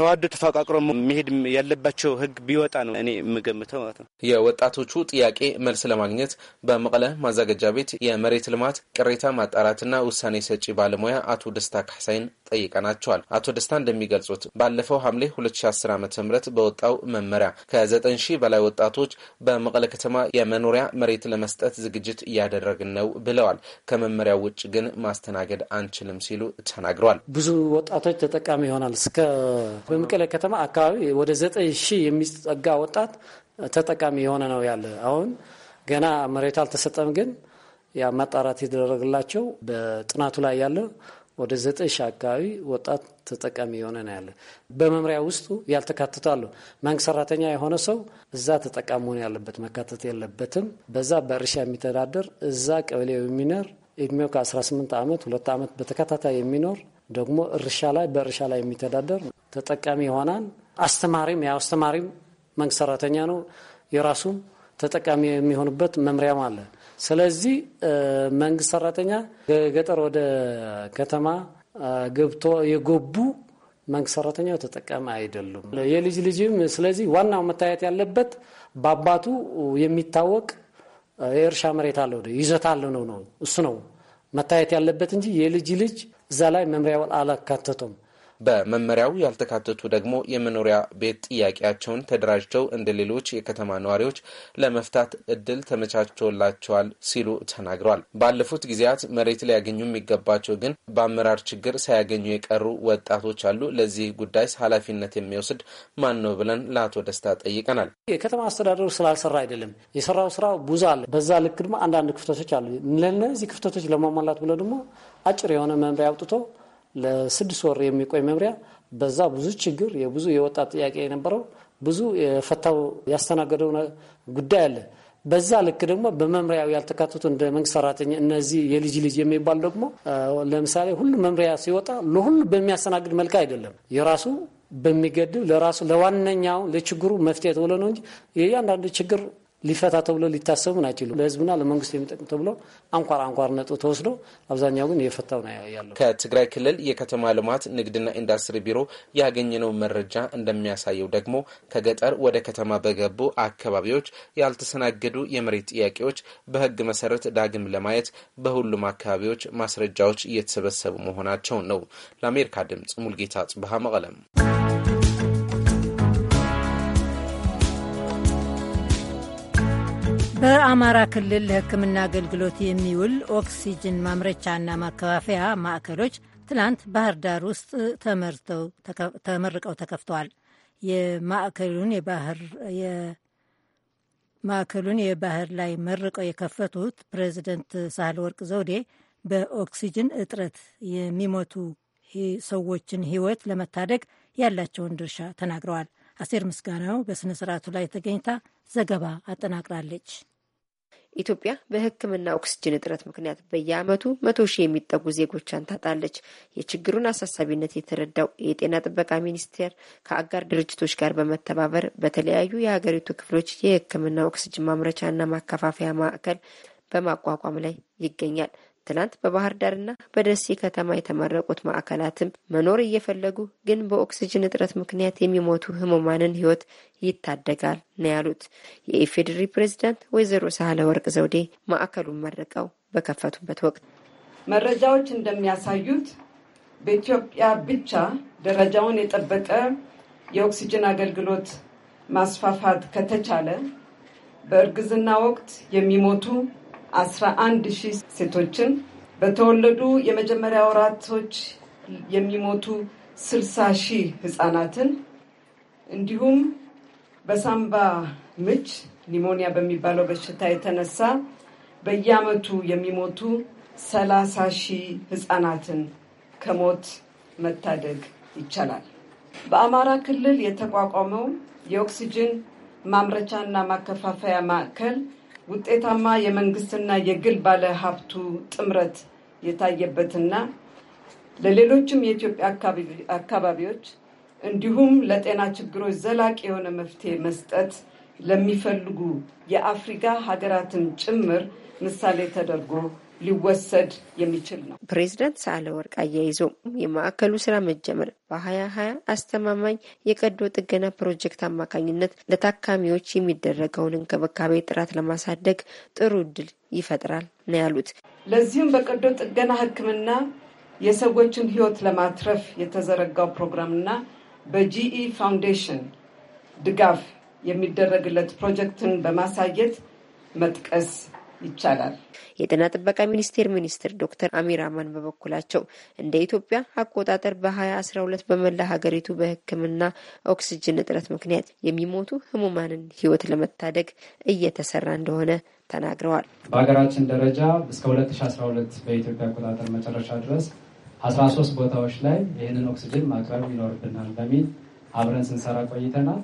ተዋዶ ተፋቃቅሮ መሄድ ያለባቸው ህግ ቢወጣ ነው እኔ የምገምተው ማለት ነው። የወጣቶቹ ጥያቄ መልስ ለማግኘት በመቀለ ማዘጋጃ ቤት የመሬት ልማት ቅሬታ ማጣራትና ውሳኔ ሰጪ ባለሙያ አቶ ደስታ ካሳይን ጠይቀናቸዋል። አቶ ደስታ እንደሚገልጹት ባለፈው ሐምሌ 2010 ዓ ም በወጣው መመሪያ ከ9 ሺህ በላይ ወጣቶች በመቀለ ከተማ የመኖሪያ መሬት ለመስጠት ዝግጅት እያደረግን ነው ብለዋል። ከመመሪያው ውጭ ግን ማስተናገድ አንችልም ሲሉ ተናግረዋል። ብዙ ወጣቶች ተጠቃሚ ይሆናል እስከ በመቀለ ከተማ አካባቢ ወደ ዘጠኝ ሺህ የሚጠጋ ወጣት ተጠቃሚ የሆነ ነው ያለ። አሁን ገና መሬቱ አልተሰጠም፣ ግን ያ ማጣራት የተደረገላቸው በጥናቱ ላይ ያለ ወደ ዘጠኝ ሺህ አካባቢ ወጣት ተጠቃሚ የሆነ ነው ያለ። በመምሪያ ውስጡ ያልተካተቱ መንግስት ሰራተኛ የሆነ ሰው እዛ ተጠቃሚ መሆን ያለበት መካተት የለበትም። በዛ በእርሻ የሚተዳደር እዛ ቀበሌው የሚኖር እድሜው ከ18 ዓመት ሁለት ዓመት በተከታታይ የሚኖር ደግሞ እርሻ ላይ በእርሻ ላይ የሚተዳደር ተጠቃሚ ይሆናል። አስተማሪም ያው አስተማሪም መንግስት ሰራተኛ ነው። የራሱም ተጠቃሚ የሚሆንበት መምሪያም አለ። ስለዚህ መንግስት ሰራተኛ ገጠር ወደ ከተማ ገብቶ የገቡ መንግስት ሰራተኛው ተጠቃሚ አይደሉም። የልጅ ልጅም ስለዚህ ዋናው መታየት ያለበት በአባቱ የሚታወቅ የእርሻ መሬት አለ ይዘት አለ ነው ነው እሱ ነው መታየት ያለበት እንጂ የልጅ ልጅ እዛ ላይ መምሪያውን አላካተቱም። በመመሪያው ያልተካተቱ ደግሞ የመኖሪያ ቤት ጥያቄያቸውን ተደራጅተው እንደ ሌሎች የከተማ ነዋሪዎች ለመፍታት እድል ተመቻችቶላቸዋል ሲሉ ተናግረዋል። ባለፉት ጊዜያት መሬት ሊያገኙ የሚገባቸው ግን በአመራር ችግር ሳያገኙ የቀሩ ወጣቶች አሉ። ለዚህ ጉዳይ ኃላፊነት የሚወስድ ማን ነው ብለን ለአቶ ደስታ ጠይቀናል። የከተማ አስተዳደሩ ስላልሰራ አይደለም። የሰራው ስራ ብዙ አለ። በዛ ልክ ድማ አንዳንድ ክፍተቶች አሉ። ለነዚህ ክፍተቶች ለማሟላት ብሎ ደግሞ አጭር የሆነ መምሪያ አውጥቶ ለስድስት ወር የሚቆይ መምሪያ በዛ ብዙ ችግር የብዙ የወጣት ጥያቄ የነበረው ብዙ የፈታው ያስተናገደው ጉዳይ አለ። በዛ ልክ ደግሞ በመምሪያው ያልተካተቱ እንደ መንግስት ሰራተኛ እነዚህ የልጅ ልጅ የሚባል ደግሞ ለምሳሌ ሁሉ መምሪያ ሲወጣ ለሁሉ በሚያስተናግድ መልክ አይደለም የራሱ በሚገድብ ለራሱ ለዋነኛው ለችግሩ መፍትሄ ተብሎ ነው እንጂ የእያንዳንዱ ችግር ሊፈታ ተብሎ ሊታሰቡ ናቸው። ለህዝብና ለመንግስት የሚጠቅም ተብሎ አንኳር አንኳር ነጦ ተወስዶ አብዛኛው ግን እየፈታው ነው ያለው። ከትግራይ ክልል የከተማ ልማት ንግድና ኢንዱስትሪ ቢሮ ያገኘነው መረጃ እንደሚያሳየው ደግሞ ከገጠር ወደ ከተማ በገቡ አካባቢዎች ያልተሰናገዱ የመሬት ጥያቄዎች በህግ መሰረት ዳግም ለማየት በሁሉም አካባቢዎች ማስረጃዎች እየተሰበሰቡ መሆናቸው ነው። ለአሜሪካ ድምጽ ሙልጌታ ጽብሃ መቀለም በአማራ ክልል ለሕክምና አገልግሎት የሚውል ኦክሲጅን ማምረቻና ማከፋፈያ ማዕከሎች ትላንት ባህር ዳር ውስጥ ተመርቀው ተከፍተዋል። የማዕከሉን የባህር ላይ መርቀው የከፈቱት ፕሬዚደንት ሳህለ ወርቅ ዘውዴ በኦክሲጅን እጥረት የሚሞቱ ሰዎችን ሕይወት ለመታደግ ያላቸውን ድርሻ ተናግረዋል። አሴር ምስጋናው በሥነ ስርዓቱ ላይ ተገኝታ ዘገባ አጠናቅራለች። ኢትዮጵያ በሕክምና ኦክስጅን እጥረት ምክንያት በየአመቱ መቶ ሺህ የሚጠጉ ዜጎቿን ታጣለች። የችግሩን አሳሳቢነት የተረዳው የጤና ጥበቃ ሚኒስቴር ከአጋር ድርጅቶች ጋር በመተባበር በተለያዩ የሀገሪቱ ክፍሎች የሕክምና ኦክስጅን ማምረቻና ማከፋፈያ ማዕከል በማቋቋም ላይ ይገኛል። ትናንት በባህር ዳርና በደሴ ከተማ የተመረቁት ማዕከላትም መኖር እየፈለጉ ግን በኦክስጅን እጥረት ምክንያት የሚሞቱ ህሙማንን ህይወት ይታደጋል ነው ያሉት የኢፌዴሪ ፕሬዚዳንት ወይዘሮ ሳህለ ወርቅ ዘውዴ ማዕከሉን መርቀው በከፈቱበት ወቅት መረጃዎች እንደሚያሳዩት በኢትዮጵያ ብቻ ደረጃውን የጠበቀ የኦክስጅን አገልግሎት ማስፋፋት ከተቻለ በእርግዝና ወቅት የሚሞቱ 11 ሺህ ሴቶችን በተወለዱ የመጀመሪያ ወራቶች የሚሞቱ 60 ሺህ ህጻናትን እንዲሁም በሳምባ ምች ኒሞኒያ በሚባለው በሽታ የተነሳ በየአመቱ የሚሞቱ 30 ሺህ ህጻናትን ከሞት መታደግ ይቻላል። በአማራ ክልል የተቋቋመው የኦክሲጅን ማምረቻና ማከፋፈያ ማዕከል ውጤታማ የመንግስትና የግል ባለሀብቱ ጥምረት የታየበትና ለሌሎችም የኢትዮጵያ አካባቢዎች እንዲሁም ለጤና ችግሮች ዘላቂ የሆነ መፍትሄ መስጠት ለሚፈልጉ የአፍሪካ ሀገራትን ጭምር ምሳሌ ተደርጎ ሊወሰድ የሚችል ነው። ፕሬዚዳንት ወርቅ አያይዞ የማዕከሉ ስራ መጀመር በሀያ ሀያ አስተማማኝ የቀዶ ጥገና ፕሮጀክት አማካኝነት ለታካሚዎች የሚደረገውን እንክብካቤ ጥራት ለማሳደግ ጥሩ እድል ይፈጥራል ነው ያሉት። ለዚህም በቀዶ ጥገና ሕክምና የሰዎችን ህይወት ለማትረፍ የተዘረጋው ፕሮግራምና በጂኢ ፋውንዴሽን ድጋፍ የሚደረግለት ፕሮጀክትን በማሳየት መጥቀስ ይቻላል። የጤና ጥበቃ ሚኒስቴር ሚኒስትር ዶክተር አሚር አማን በበኩላቸው እንደ ኢትዮጵያ አቆጣጠር በ2012 በመላ ሀገሪቱ በሕክምና ኦክስጅን እጥረት ምክንያት የሚሞቱ ህሙማንን ህይወት ለመታደግ እየተሰራ እንደሆነ ተናግረዋል። በሀገራችን ደረጃ እስከ 2012 በኢትዮጵያ አቆጣጠር መጨረሻ ድረስ 13 ቦታዎች ላይ ይህንን ኦክስጅን ማቅረብ ይኖርብናል በሚል አብረን ስንሰራ ቆይተናል።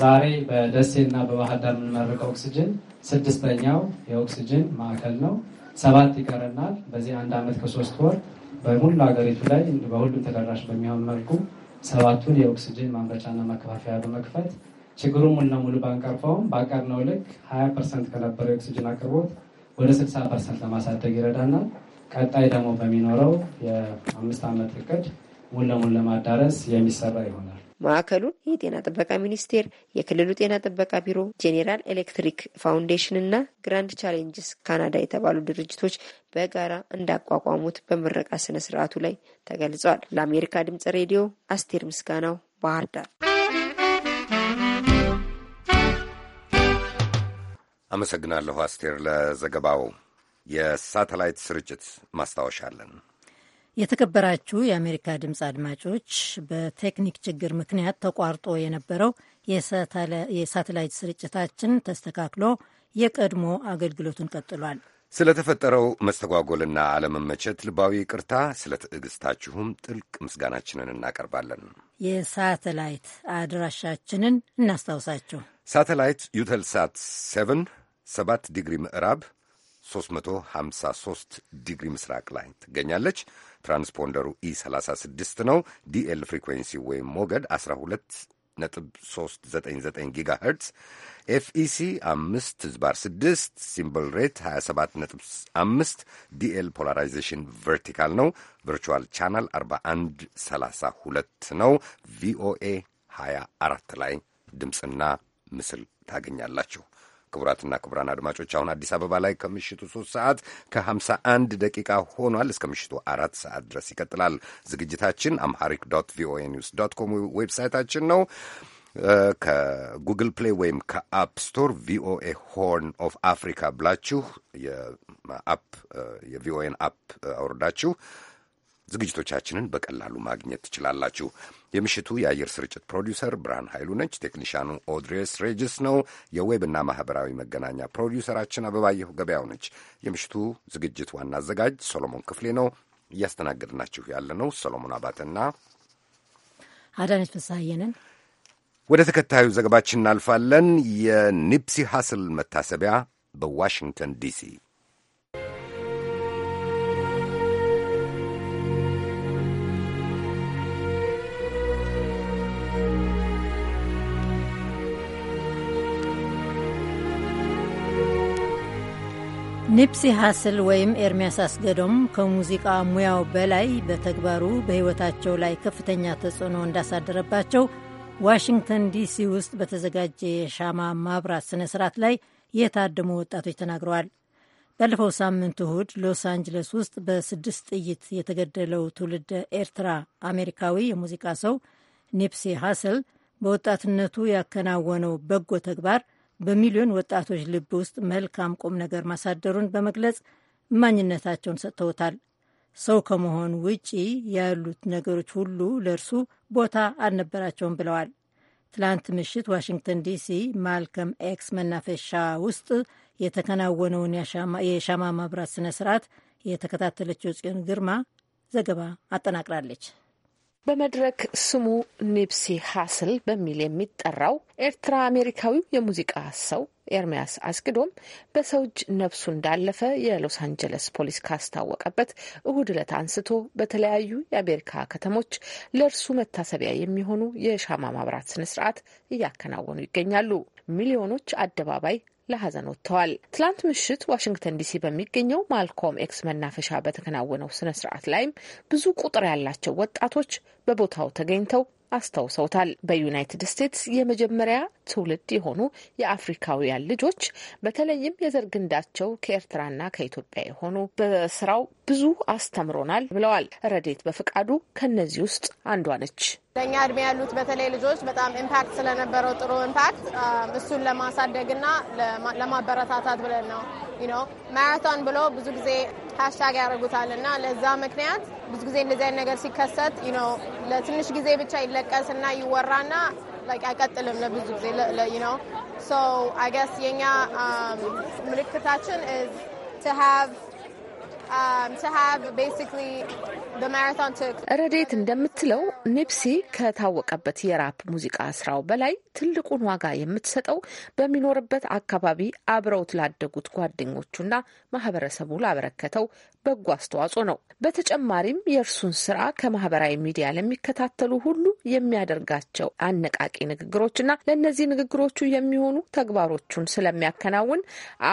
ዛሬ በደሴ በባህር ዳር የምንመርቀው ኦክስጅን ስድስተኛው የኦክስጅን ማዕከል ነው። ሰባት ይቀረናል። በዚህ አንድ ዓመት ከሶስት ወር በሙሉ ሀገሪቱ ላይ በሁሉም ተደራሽ በሚሆን መልኩ ሰባቱን የኦክስጅን ማምረቻና መከፋፈያ በመክፈት ችግሩን ሙሉ ለሙሉ ባንቀርፈውም ባቀርነው ልክ 20 ፐርሰንት ከነበረው የኦክስጅን አቅርቦት ወደ 60 ፐርሰንት ለማሳደግ ይረዳናል። ቀጣይ ደግሞ በሚኖረው የአምስት ዓመት እቅድ ሙሉ ለሙሉ ለማዳረስ የሚሰራ ይሆናል። ማዕከሉን የጤና ጥበቃ ሚኒስቴር፣ የክልሉ ጤና ጥበቃ ቢሮ፣ ጄኔራል ኤሌክትሪክ ፋውንዴሽን እና ግራንድ ቻሌንጅስ ካናዳ የተባሉ ድርጅቶች በጋራ እንዳቋቋሙት በምረቃ ስነ ስርዓቱ ላይ ተገልጿል። ለአሜሪካ ድምጽ ሬዲዮ አስቴር ምስጋናው ባህር ዳር። አመሰግናለሁ አስቴር ለዘገባው። የሳተላይት ስርጭት ማስታወሻ አለን። የተከበራችሁ የአሜሪካ ድምፅ አድማጮች በቴክኒክ ችግር ምክንያት ተቋርጦ የነበረው የሳተላይት ስርጭታችን ተስተካክሎ የቀድሞ አገልግሎቱን ቀጥሏል። ስለተፈጠረው መስተጓጎልና አለመመቸት ልባዊ ይቅርታ፣ ስለ ትዕግስታችሁም ጥልቅ ምስጋናችንን እናቀርባለን። የሳተላይት አድራሻችንን እናስታውሳችሁ። ሳተላይት ዩተልሳት 7 7 ዲግሪ ምዕራብ 353 ዲግሪ ምስራቅ ላይ ትገኛለች። ትራንስፖንደሩ ኢ36 e ነው። ዲኤል ፍሪኩዌንሲ ወይም ሞገድ 12 ነጥብ 399 ጊጋ ሄርትስ ኤፍኢሲ 5 ዝባር 6 ሲምበል ሬት 27 ነጥብ 5 ዲኤል ፖላራይዜሽን ቨርቲካል ነው። ቨርቹዋል ቻናል 41 32 ነው። ቪኦኤ 24 ላይ ድምፅና ምስል ታገኛላችሁ። ክቡራትና ክቡራን አድማጮች አሁን አዲስ አበባ ላይ ከምሽቱ ሶስት ሰዓት ከሀምሳ አንድ ደቂቃ ሆኗል። እስከ ምሽቱ አራት ሰዓት ድረስ ይቀጥላል ዝግጅታችን። አምሃሪክ ዶት ቪኦኤ ኒውስ ዶት ኮም ዌብሳይታችን ነው። ከጉግል ፕሌይ ወይም ከአፕ ስቶር ቪኦኤ ሆርን ኦፍ አፍሪካ ብላችሁ የአፕ የቪኦኤን አፕ አውርዳችሁ ዝግጅቶቻችንን በቀላሉ ማግኘት ትችላላችሁ። የምሽቱ የአየር ስርጭት ፕሮዲውሰር ብርሃን ኃይሉ ነች። ቴክኒሻኑ ኦድሬስ ሬጅስ ነው። የዌብና ማህበራዊ መገናኛ ፕሮዲውሰራችን አበባየሁ ገበያው ነች። የምሽቱ ዝግጅት ዋና አዘጋጅ ሶሎሞን ክፍሌ ነው። እያስተናገድናችሁ ያለ ነው ሶሎሞን አባተና አዳነች ፍስሐየንን። ወደ ተከታዩ ዘገባችን እናልፋለን። የኒፕሲ ሀስል መታሰቢያ በዋሽንግተን ዲሲ ኒፕሲ ሃስል ወይም ኤርሚያስ አስገዶም ከሙዚቃ ሙያው በላይ በተግባሩ በሕይወታቸው ላይ ከፍተኛ ተጽዕኖ እንዳሳደረባቸው ዋሽንግተን ዲሲ ውስጥ በተዘጋጀ የሻማ ማብራት ስነ ስርዓት ላይ የታደሙ ወጣቶች ተናግረዋል። ባለፈው ሳምንት እሁድ ሎስ አንጅለስ ውስጥ በስድስት ጥይት የተገደለው ትውልድ ኤርትራ አሜሪካዊ የሙዚቃ ሰው ኒፕሲ ሃስል በወጣትነቱ ያከናወነው በጎ ተግባር በሚሊዮን ወጣቶች ልብ ውስጥ መልካም ቁም ነገር ማሳደሩን በመግለጽ እማኝነታቸውን ሰጥተውታል። ሰው ከመሆን ውጪ ያሉት ነገሮች ሁሉ ለእርሱ ቦታ አልነበራቸውም ብለዋል። ትላንት ምሽት ዋሽንግተን ዲሲ ማልከም ኤክስ መናፈሻ ውስጥ የተከናወነውን የሻማ ማብራት ስነ ስርዓት የተከታተለችው ጽዮን ግርማ ዘገባ አጠናቅራለች። በመድረክ ስሙ ኒፕሲ ሀስል በሚል የሚጠራው ኤርትራ አሜሪካዊው የሙዚቃ ሰው ኤርሚያስ አስግዶም በሰው እጅ ነፍሱ እንዳለፈ የሎስ አንጀለስ ፖሊስ ካስታወቀበት እሁድ ዕለት አንስቶ በተለያዩ የአሜሪካ ከተሞች ለእርሱ መታሰቢያ የሚሆኑ የሻማ ማብራት ስነስርዓት እያከናወኑ ይገኛሉ። ሚሊዮኖች አደባባይ ለሀዘን ወጥተዋል። ትላንት ምሽት ዋሽንግተን ዲሲ በሚገኘው ማልኮም ኤክስ መናፈሻ በተከናወነው ስነ ስርዓት ላይም ብዙ ቁጥር ያላቸው ወጣቶች በቦታው ተገኝተው አስታውሰውታል። በዩናይትድ ስቴትስ የመጀመሪያ ትውልድ የሆኑ የአፍሪካውያን ልጆች በተለይም የዘር ግንዳቸው ከኤርትራና ከኢትዮጵያ የሆኑ በስራው ብዙ አስተምሮናል ብለዋል። ረዴት በፍቃዱ ከነዚህ ውስጥ አንዷ ነች። ለኛ እድሜ ያሉት በተለይ ልጆች በጣም ኢምፓክት ስለነበረው ጥሩ ኢምፓክት እሱን ለማሳደግና ለማበረታታት ብለን ነው ነው ማራቶን ብሎ ብዙ ጊዜ ሀሽታግ ያደርጉታል እና ለዛ ምክንያት ብዙ ጊዜ እንደዚህ አይነት ነገር ሲከሰት ነው ለትንሽ ጊዜ ብቻ ይለቀስና ና አይቀጥልም ለብዙ ጊዜ ነው ሶ አይ ገስ የእኛ ምልክታችን ቱ ሃቭ to ረዴት እንደምትለው ኒፕሲ ከታወቀበት የራፕ ሙዚቃ ስራው በላይ ትልቁን ዋጋ የምትሰጠው በሚኖርበት አካባቢ አብረውት ላደጉት ጓደኞቹና ማህበረሰቡ ላበረከተው በጎ አስተዋጽኦ ነው። በተጨማሪም የእርሱን ስራ ከማህበራዊ ሚዲያ ለሚከታተሉ ሁሉ የሚያደርጋቸው አነቃቂ ንግግሮችና ለእነዚህ ንግግሮቹ የሚሆኑ ተግባሮቹን ስለሚያከናውን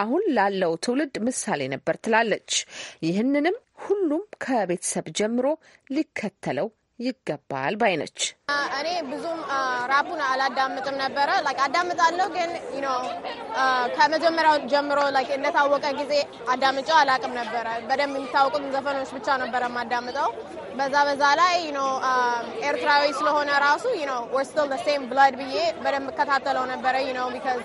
አሁን ላለው ትውልድ ምሳሌ ነበር ትላለች። ይህንንም ሁሉም ከቤተሰብ ጀምሮ ሊከተለው ይገባል ባይ ነች። እኔ ብዙም ራፑን አላዳምጥም ነበረ። አዳምጣለሁ ግን ከመጀመሪያው ጀምሮ እንደታወቀ ጊዜ አዳምጫው አላቅም ነበረ። በደንብ የሚታወቁት ዘፈኖች ብቻ ነበረ የማዳምጠው። በዛ በዛ ላይ ኤርትራዊ ስለሆነ ራሱ ወርስቶ ሴም ብዬ በደንብ እከታተለው ነበረ ቢካዝ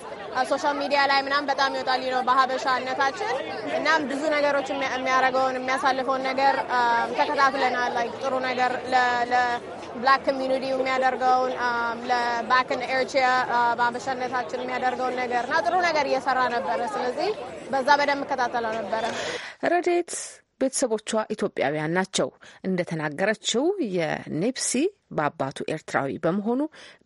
ሶሻል ሚዲያ ላይ ምናምን በጣም ይወጣል ነው በሀበሻነታችን። እናም ብዙ ነገሮች የሚያደርገውን የሚያሳልፈውን ነገር ተከታትለናል። ላይክ ጥሩ ነገር ለብላክ ኮሚኒቲ የሚያደርገውን ለባክን ኤርትራ በሀበሻነታችን የሚያደርገውን ነገር እና ጥሩ ነገር እየሰራ ነበረ። ስለዚህ በዛ በደንብ እከታተለው ነበረ ረዴት ቤተሰቦቿ ኢትዮጵያውያን ናቸው። እንደተናገረችው የኔፕሲ በአባቱ ኤርትራዊ በመሆኑ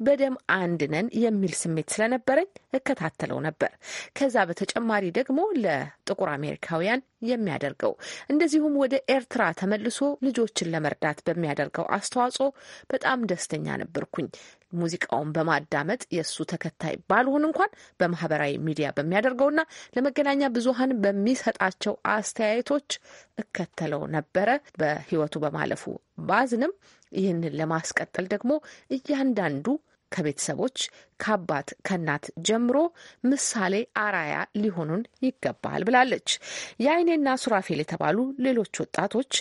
በደም አንድ ነን የሚል ስሜት ስለነበረኝ እከታተለው ነበር። ከዛ በተጨማሪ ደግሞ ለጥቁር አሜሪካውያን የሚያደርገው እንደዚሁም ወደ ኤርትራ ተመልሶ ልጆችን ለመርዳት በሚያደርገው አስተዋጽኦ በጣም ደስተኛ ነበርኩኝ። ሙዚቃውን በማዳመጥ የእሱ ተከታይ ባልሆን እንኳን በማህበራዊ ሚዲያ በሚያደርገውና ለመገናኛ ብዙሀን በሚሰጣቸው አስተያየቶች እከተለው ነበረ። በህይወቱ በማለፉ ባዝንም ይህንን ለማስቀጠል ደግሞ እያንዳንዱ ከቤተሰቦች ከአባት ከእናት ጀምሮ ምሳሌ አራያ ሊሆኑን ይገባል ብላለች። የአይኔና ሱራፌል የተባሉ ሌሎች ወጣቶች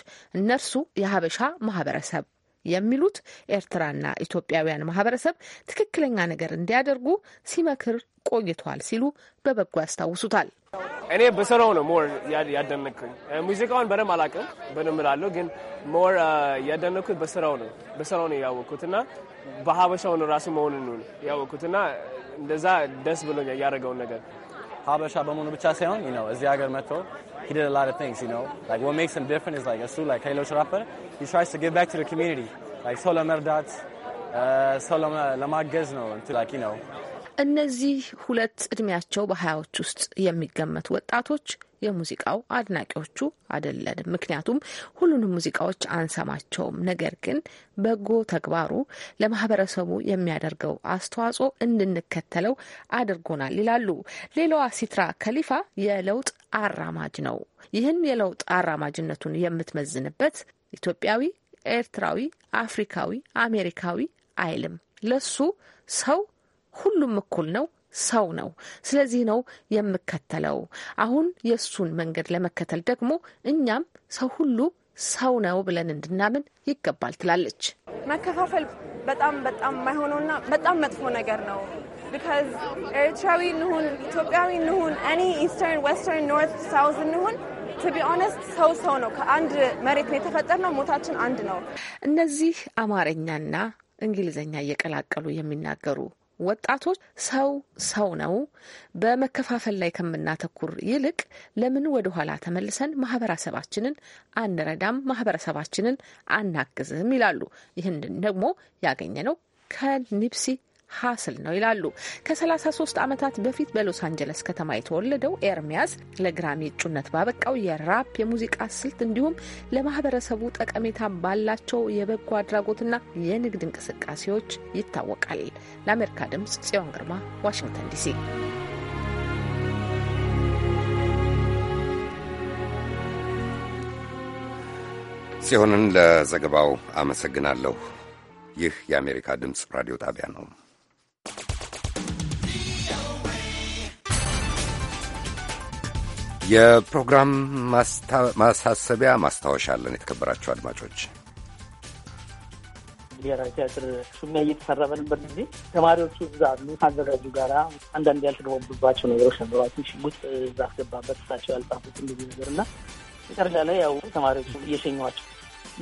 እነርሱ የሀበሻ ማህበረሰብ የሚሉት ኤርትራና ኢትዮጵያውያን ማህበረሰብ ትክክለኛ ነገር እንዲያደርጉ ሲመክር ቆይተዋል ሲሉ በበጎ ያስታውሱታል። እኔ በስራው ነው ሞር ያደነኩኝ። ሙዚቃውን በደንብ አላውቅም፣ በደንብ ላለው ግን ሞር ያደነኩኝ በስራው ነው በስራው ነው ያወቅኩት ያወቅኩትና በሀበሻው ነው ራሱ መሆኑን ያወቅኩትና እንደዛ ደስ ብሎኛል ያደረገውን ነገር ሀበሻ በመሆኑ ብቻ ሳይሆን ነው እዚህ ሀገር መጥተው he did a lot of things, you know. Like what makes him different is like Asu, like Kailo rapper, he tries to give back to the community. Like Sola Merdat, uh, Sola Lamak and to like, you know. እነዚህ ሁለት እድሜያቸው በሀያዎች ውስጥ የሚገመት ወጣቶች የሙዚቃው አድናቂዎቹ አይደለንም፣ ምክንያቱም ሁሉንም ሙዚቃዎች አንሰማቸውም። ነገር ግን በጎ ተግባሩ ለማህበረሰቡ የሚያደርገው አስተዋጽኦ እንድንከተለው አድርጎናል ይላሉ። ሌላዋ ሲትራ ከሊፋ የለውጥ አራማጅ ነው። ይህን የለውጥ አራማጅነቱን የምትመዝንበት ኢትዮጵያዊ፣ ኤርትራዊ፣ አፍሪካዊ፣ አሜሪካዊ አይልም። ለሱ ሰው ሁሉም እኩል ነው ሰው ነው። ስለዚህ ነው የምከተለው። አሁን የእሱን መንገድ ለመከተል ደግሞ እኛም ሰው ሁሉ ሰው ነው ብለን እንድናምን ይገባል ትላለች። መከፋፈል በጣም በጣም የማይሆነውና በጣም መጥፎ ነገር ነው። ቢካዝ ኤርትራዊ እንሁን ኢትዮጵያዊ እንሁን እኔ ኢስተርን ዌስተርን ኖርት ሳውዝ እንሁን ቱ ቢ ኦነስት ሰው ሰው ነው። ከአንድ መሬት ነው የተፈጠርነው። ሞታችን አንድ ነው። እነዚህ አማርኛና እንግሊዝኛ እየቀላቀሉ የሚናገሩ ወጣቶች ሰው ሰው ነው፣ በመከፋፈል ላይ ከምናተኩር ይልቅ ለምን ወደ ኋላ ተመልሰን ማህበረሰባችንን አንረዳም፣ ማህበረሰባችንን አናግዝም ይላሉ። ይህንን ደግሞ ያገኘ ነው ከኒፕሲ ሀስል ነው ይላሉ። ከ33 ዓመታት በፊት በሎስ አንጀለስ ከተማ የተወለደው ኤርሚያስ ለግራሚ እጩነት ባበቃው የራፕ የሙዚቃ ስልት እንዲሁም ለማህበረሰቡ ጠቀሜታ ባላቸው የበጎ አድራጎትና የንግድ እንቅስቃሴዎች ይታወቃል። ለአሜሪካ ድምጽ ጽዮን ግርማ፣ ዋሽንግተን ዲሲ። ጽዮንን ለዘገባው አመሰግናለሁ። ይህ የአሜሪካ ድምፅ ራዲዮ ጣቢያ ነው። የፕሮግራም ማሳሰቢያ ማስታወሻ አለን። የተከበራቸው አድማጮች ብሔራዊ ቲያትር ሹሚያ እየተሰራ በነበር ጊዜ ተማሪዎቹ እዛ አሉ አዘጋጁ ጋራ አንዳንድ ያልተገቡባቸው ነገሮች ነበሯቸው። ሽጉጥ እዛ አስገባበት እሳቸው ያልጻፉት እንደዚህ ነገር እና መጨረሻ ላይ ያው ተማሪዎቹ እየሸኟቸው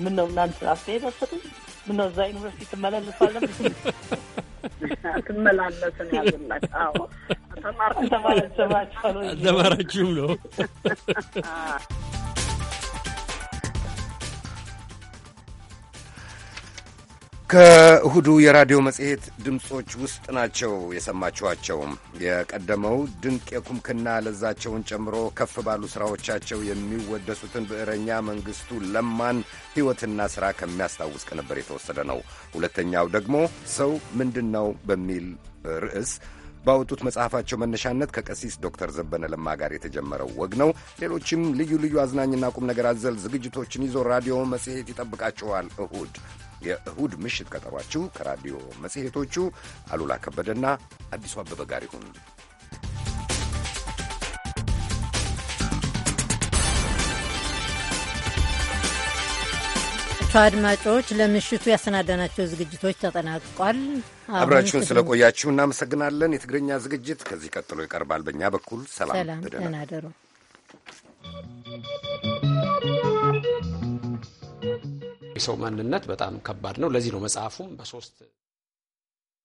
ምን ነው እናንተ አስተያየት አትሰጡም? ምን ነው እዛ ዩኒቨርሲቲ ትመላለሳለን ትመላለስን ያዝላት። ተማርኩ ተማለሰባቸ አልተማራችሁም ነው ከእሁዱ የራዲዮ መጽሔት ድምፆች ውስጥ ናቸው የሰማችኋቸው። የቀደመው ድንቅ የኩምክና ለዛቸውን ጨምሮ ከፍ ባሉ ሥራዎቻቸው የሚወደሱትን ብዕረኛ መንግሥቱ ለማን ሕይወትና ሥራ ከሚያስታውስ ቅንብር የተወሰደ ነው። ሁለተኛው ደግሞ ሰው ምንድን ነው በሚል ርዕስ ባወጡት መጽሐፋቸው መነሻነት ከቀሲስ ዶክተር ዘበነ ለማ ጋር የተጀመረው ወግ ነው። ሌሎችም ልዩ ልዩ አዝናኝና ቁም ነገር አዘል ዝግጅቶችን ይዞ ራዲዮ መጽሔት ይጠብቃችኋል እሁድ የእሁድ ምሽት ቀጠሯችሁ ከራዲዮ መጽሔቶቹ አሉላ ከበደና አዲሱ አበበ ጋር ይሁን። አድማጮች ለምሽቱ ያሰናዳናቸው ዝግጅቶች ተጠናቋል። አብራችሁን ስለቆያችሁ እናመሰግናለን። የትግርኛ ዝግጅት ከዚህ ቀጥሎ ይቀርባል። በእኛ በኩል ሰላም፣ ደህና የሰው ማንነት በጣም ከባድ ነው። ለዚህ ነው መጽሐፉም በሶስት